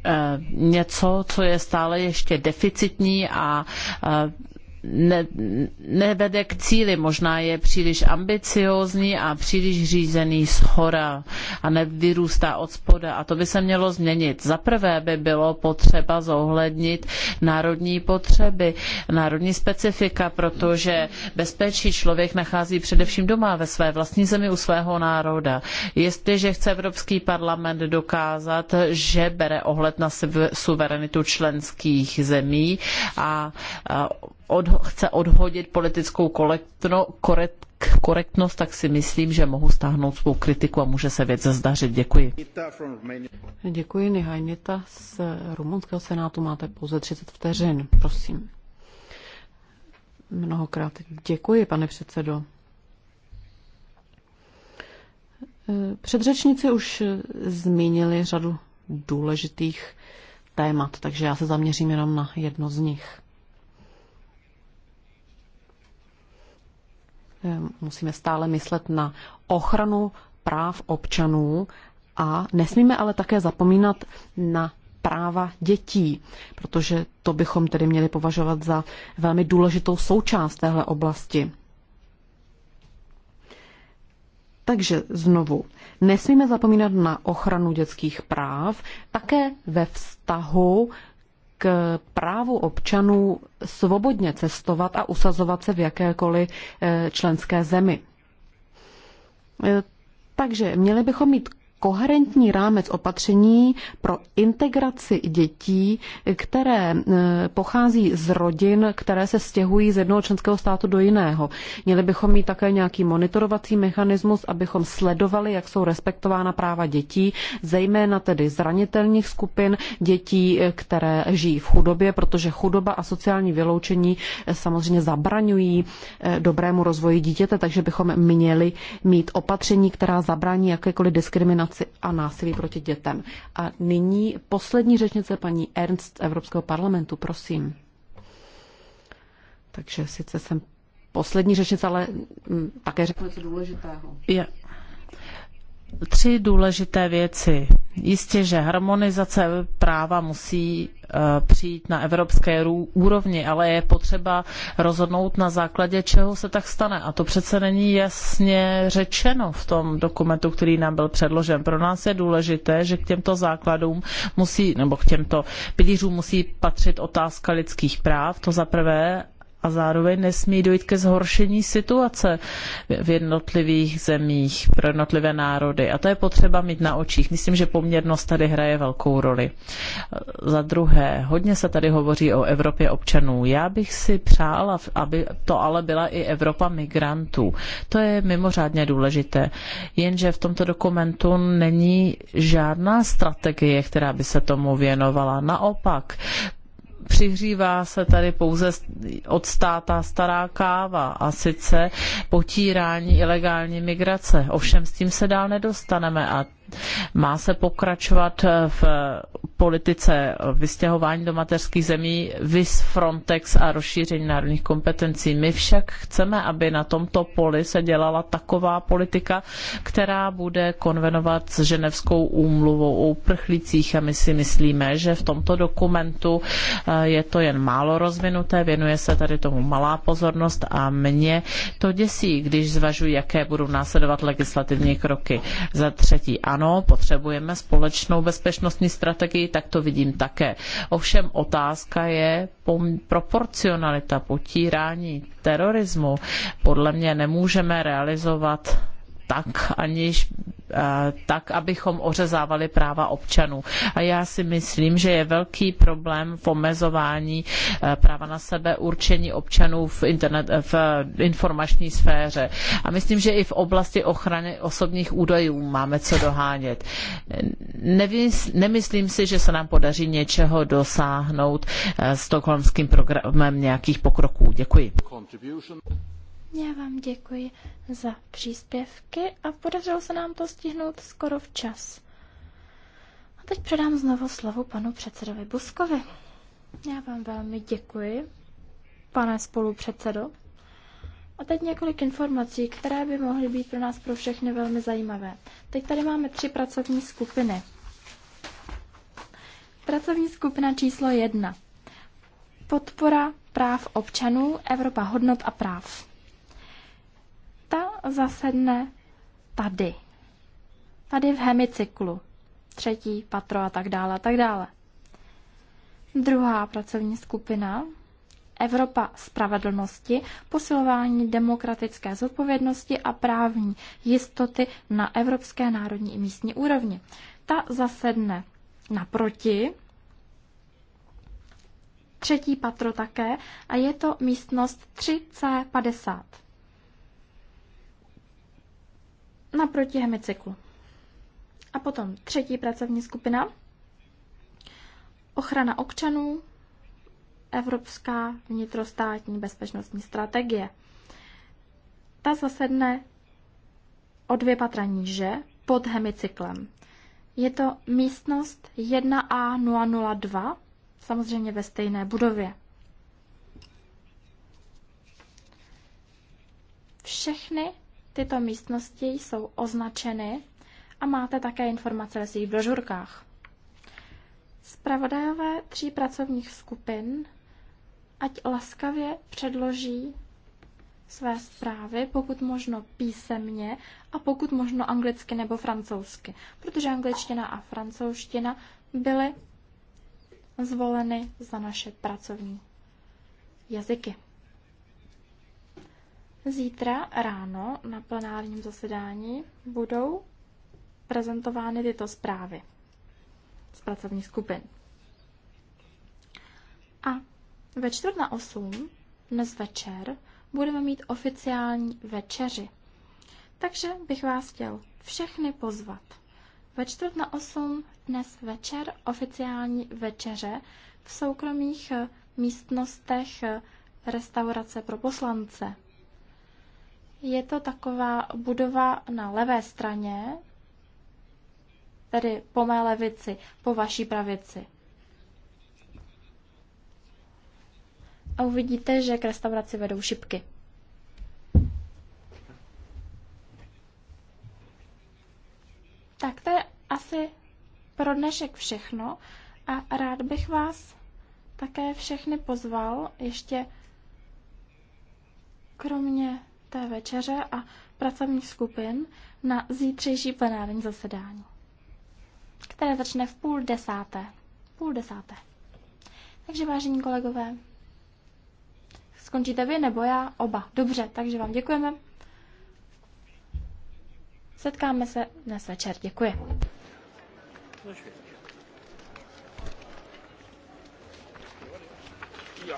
Eh, něco, co je stále ještě deficitní a eh, ne, nevede k cíli, možná je příliš ambiciózní a příliš řízený z hora a nevyrůstá od spoda a to by se mělo změnit. Za prvé by bylo potřeba zohlednit národní potřeby, národní specifika, protože bezpečí člověk nachází především doma ve své vlastní zemi u svého národa. Jestliže chce Evropský parlament dokázat, že bere ohled na suverenitu členských zemí a, a od, chce odhodit politickou korektno, korekt, korektnost, tak si myslím, že mohu stáhnout svou kritiku a může se věc zdařit. Děkuji. Děkuji, Nihajnita z rumunského senátu. Máte pouze 30 vteřin, prosím. Mnohokrát děkuji, pane předsedo. Předřečníci už zmínili řadu důležitých témat, takže já se zaměřím jenom na jedno z nich. Eh, musíme stále myslet na ochranu práv občanů a nesmíme ale také zapomínat na práva dětí, protože to bychom tedy měli považovat za velmi důležitou součást téhle oblasti. Takže znovu, nesmíme zapomínat na ochranu dětských práv také ve vztahu právu občanů svobodně cestovat a usazovat se v jakékoliv eh, členské zemi. Eh, takže měli bychom mít koherentní rámec opatření pro integraci dětí, které e, pochází z rodin, které se stěhují z jednoho členského státu do jiného. Měli bychom mít také nějaký monitorovací mechanismus, abychom sledovali, jak jsou respektována práva dětí, zejména tedy zranitelných skupin dětí, e, které žijí v chudobě, protože chudoba a sociální vyloučení e, samozřejmě zabraňují dobrému rozvoji dítěte, takže bychom měli mít opatření, která zabrání jakékoliv diskriminaci diskriminaci a násilí proti dětem. A nyní poslední řečnice paní Ernst Evropského parlamentu, prosím. Takže sice jsem poslední řečnice, ale mm, také řeknu něco důležitého. Je, tři důležité věci. Jistě, že harmonizace práva musí eh, přijít na evropské úrovni, ale je potřeba rozhodnout na základě, čeho se tak stane. A to přece není jasně řečeno v tom dokumentu, který nám byl předložen. Pro nás je důležité, že k těmto základům musí, nebo k těmto pilířům musí patřit otázka lidských práv, to za prvé, a zároveň nesmí dojít ke zhoršení situace v jednotlivých zemích pro jednotlivé národy. A to je potřeba mít na očích. Myslím, že poměrnost tady hraje velkou roli. Za druhé, hodně se tady hovoří o Evropě občanů. Já bych si přála, aby to ale byla i Evropa migrantů. To je mimořádně důležité. Jenže v tomto dokumentu není žádná strategie, která by se tomu věnovala. Naopak, přihřívá se tady pouze od státa stará káva a sice potírání ilegální migrace. Ovšem s tím se dál nedostaneme a má se pokračovat v politice vystěhování do mateřských zemí vis Frontex a rozšíření národních kompetencí. My však chceme, aby na tomto poli se dělala taková politika, která bude konvenovat s Ženevskou úmluvou o uprchlících a my si myslíme, že v tomto dokumentu eh, je to jen málo rozvinuté, věnuje se tady tomu malá pozornost a mě to děsí, když zvažuji, jaké budou následovat legislativní kroky. Za třetí, ano, ano, potřebujeme společnou bezpečnostní strategii, tak to vidím také. Ovšem otázka je proporcionalita potírání terorismu. Podle mě nemůžeme realizovat tak, aniž eh, tak, abychom ořezávali práva občanů. A já si myslím, že je velký problém v omezování eh, práva na sebe určení občanů v, internet, v informační sféře. A myslím, že i v oblasti ochrany osobních údajů máme co dohánět. nemyslím si, že se nám podaří něčeho dosáhnout eh, stokholmským programem nějakých pokroků. Děkuji. Já vám děkuji za příspěvky a podařilo se nám to stihnout skoro včas. A teď předám znovu slovo panu předsedovi Buskovi. Já vám velmi děkuji, pane spolupředsedo. A teď několik informací, které by mohly být pro nás pro všechny velmi zajímavé. Teď tady máme tři pracovní skupiny. Pracovní skupina číslo jedna. Podpora práv občanů, Evropa hodnot a práv planeta zasedne tady. Tady v hemicyklu. Třetí patro a tak dále a tak dále. Druhá pracovní skupina Evropa spravedlnosti, posilování demokratické zodpovědnosti a právní jistoty na evropské národní i místní úrovni. Ta zasedne naproti, třetí patro také, a je to místnost 3C50. naproti hemicyklu. A potom třetí pracovní skupina, ochrana občanů, evropská vnitrostátní bezpečnostní strategie. Ta zasedne o dvě patra níže pod hemicyklem. Je to místnost 1A002, samozřejmě ve stejné budově. Všechny Tyto místnosti jsou označeny a máte také informace ve svých brožurkách. Spravodajové tří pracovních skupin ať laskavě předloží své zprávy, pokud možno písemně a pokud možno anglicky nebo francouzsky, protože angličtina a francouzština byly zvoleny za naše pracovní jazyky. Zítra ráno na plenárním zasedání budou prezentovány tyto zprávy z pracovní skupin. A ve čtvrt na osm dnes večer budeme mít oficiální večeři. Takže bych vás chtěl všechny pozvat. Ve čtvrt na osm dnes večer oficiální večeře v soukromých místnostech restaurace pro poslance. Je to taková budova na levé straně, tedy po mé levici, po vaší pravici. A uvidíte, že k restauraci vedou šipky. Tak to je asi pro dnešek všechno a rád bych vás také všechny pozval ještě kromě té večeře a pracovních skupin na zítřejší plenární zasedání, které začne v půl desáté. Půl desáté. Takže vážení kolegové, skončíte vy nebo já? Oba. Dobře, takže vám děkujeme. Setkáme se dnes večer. Děkuji. Ja,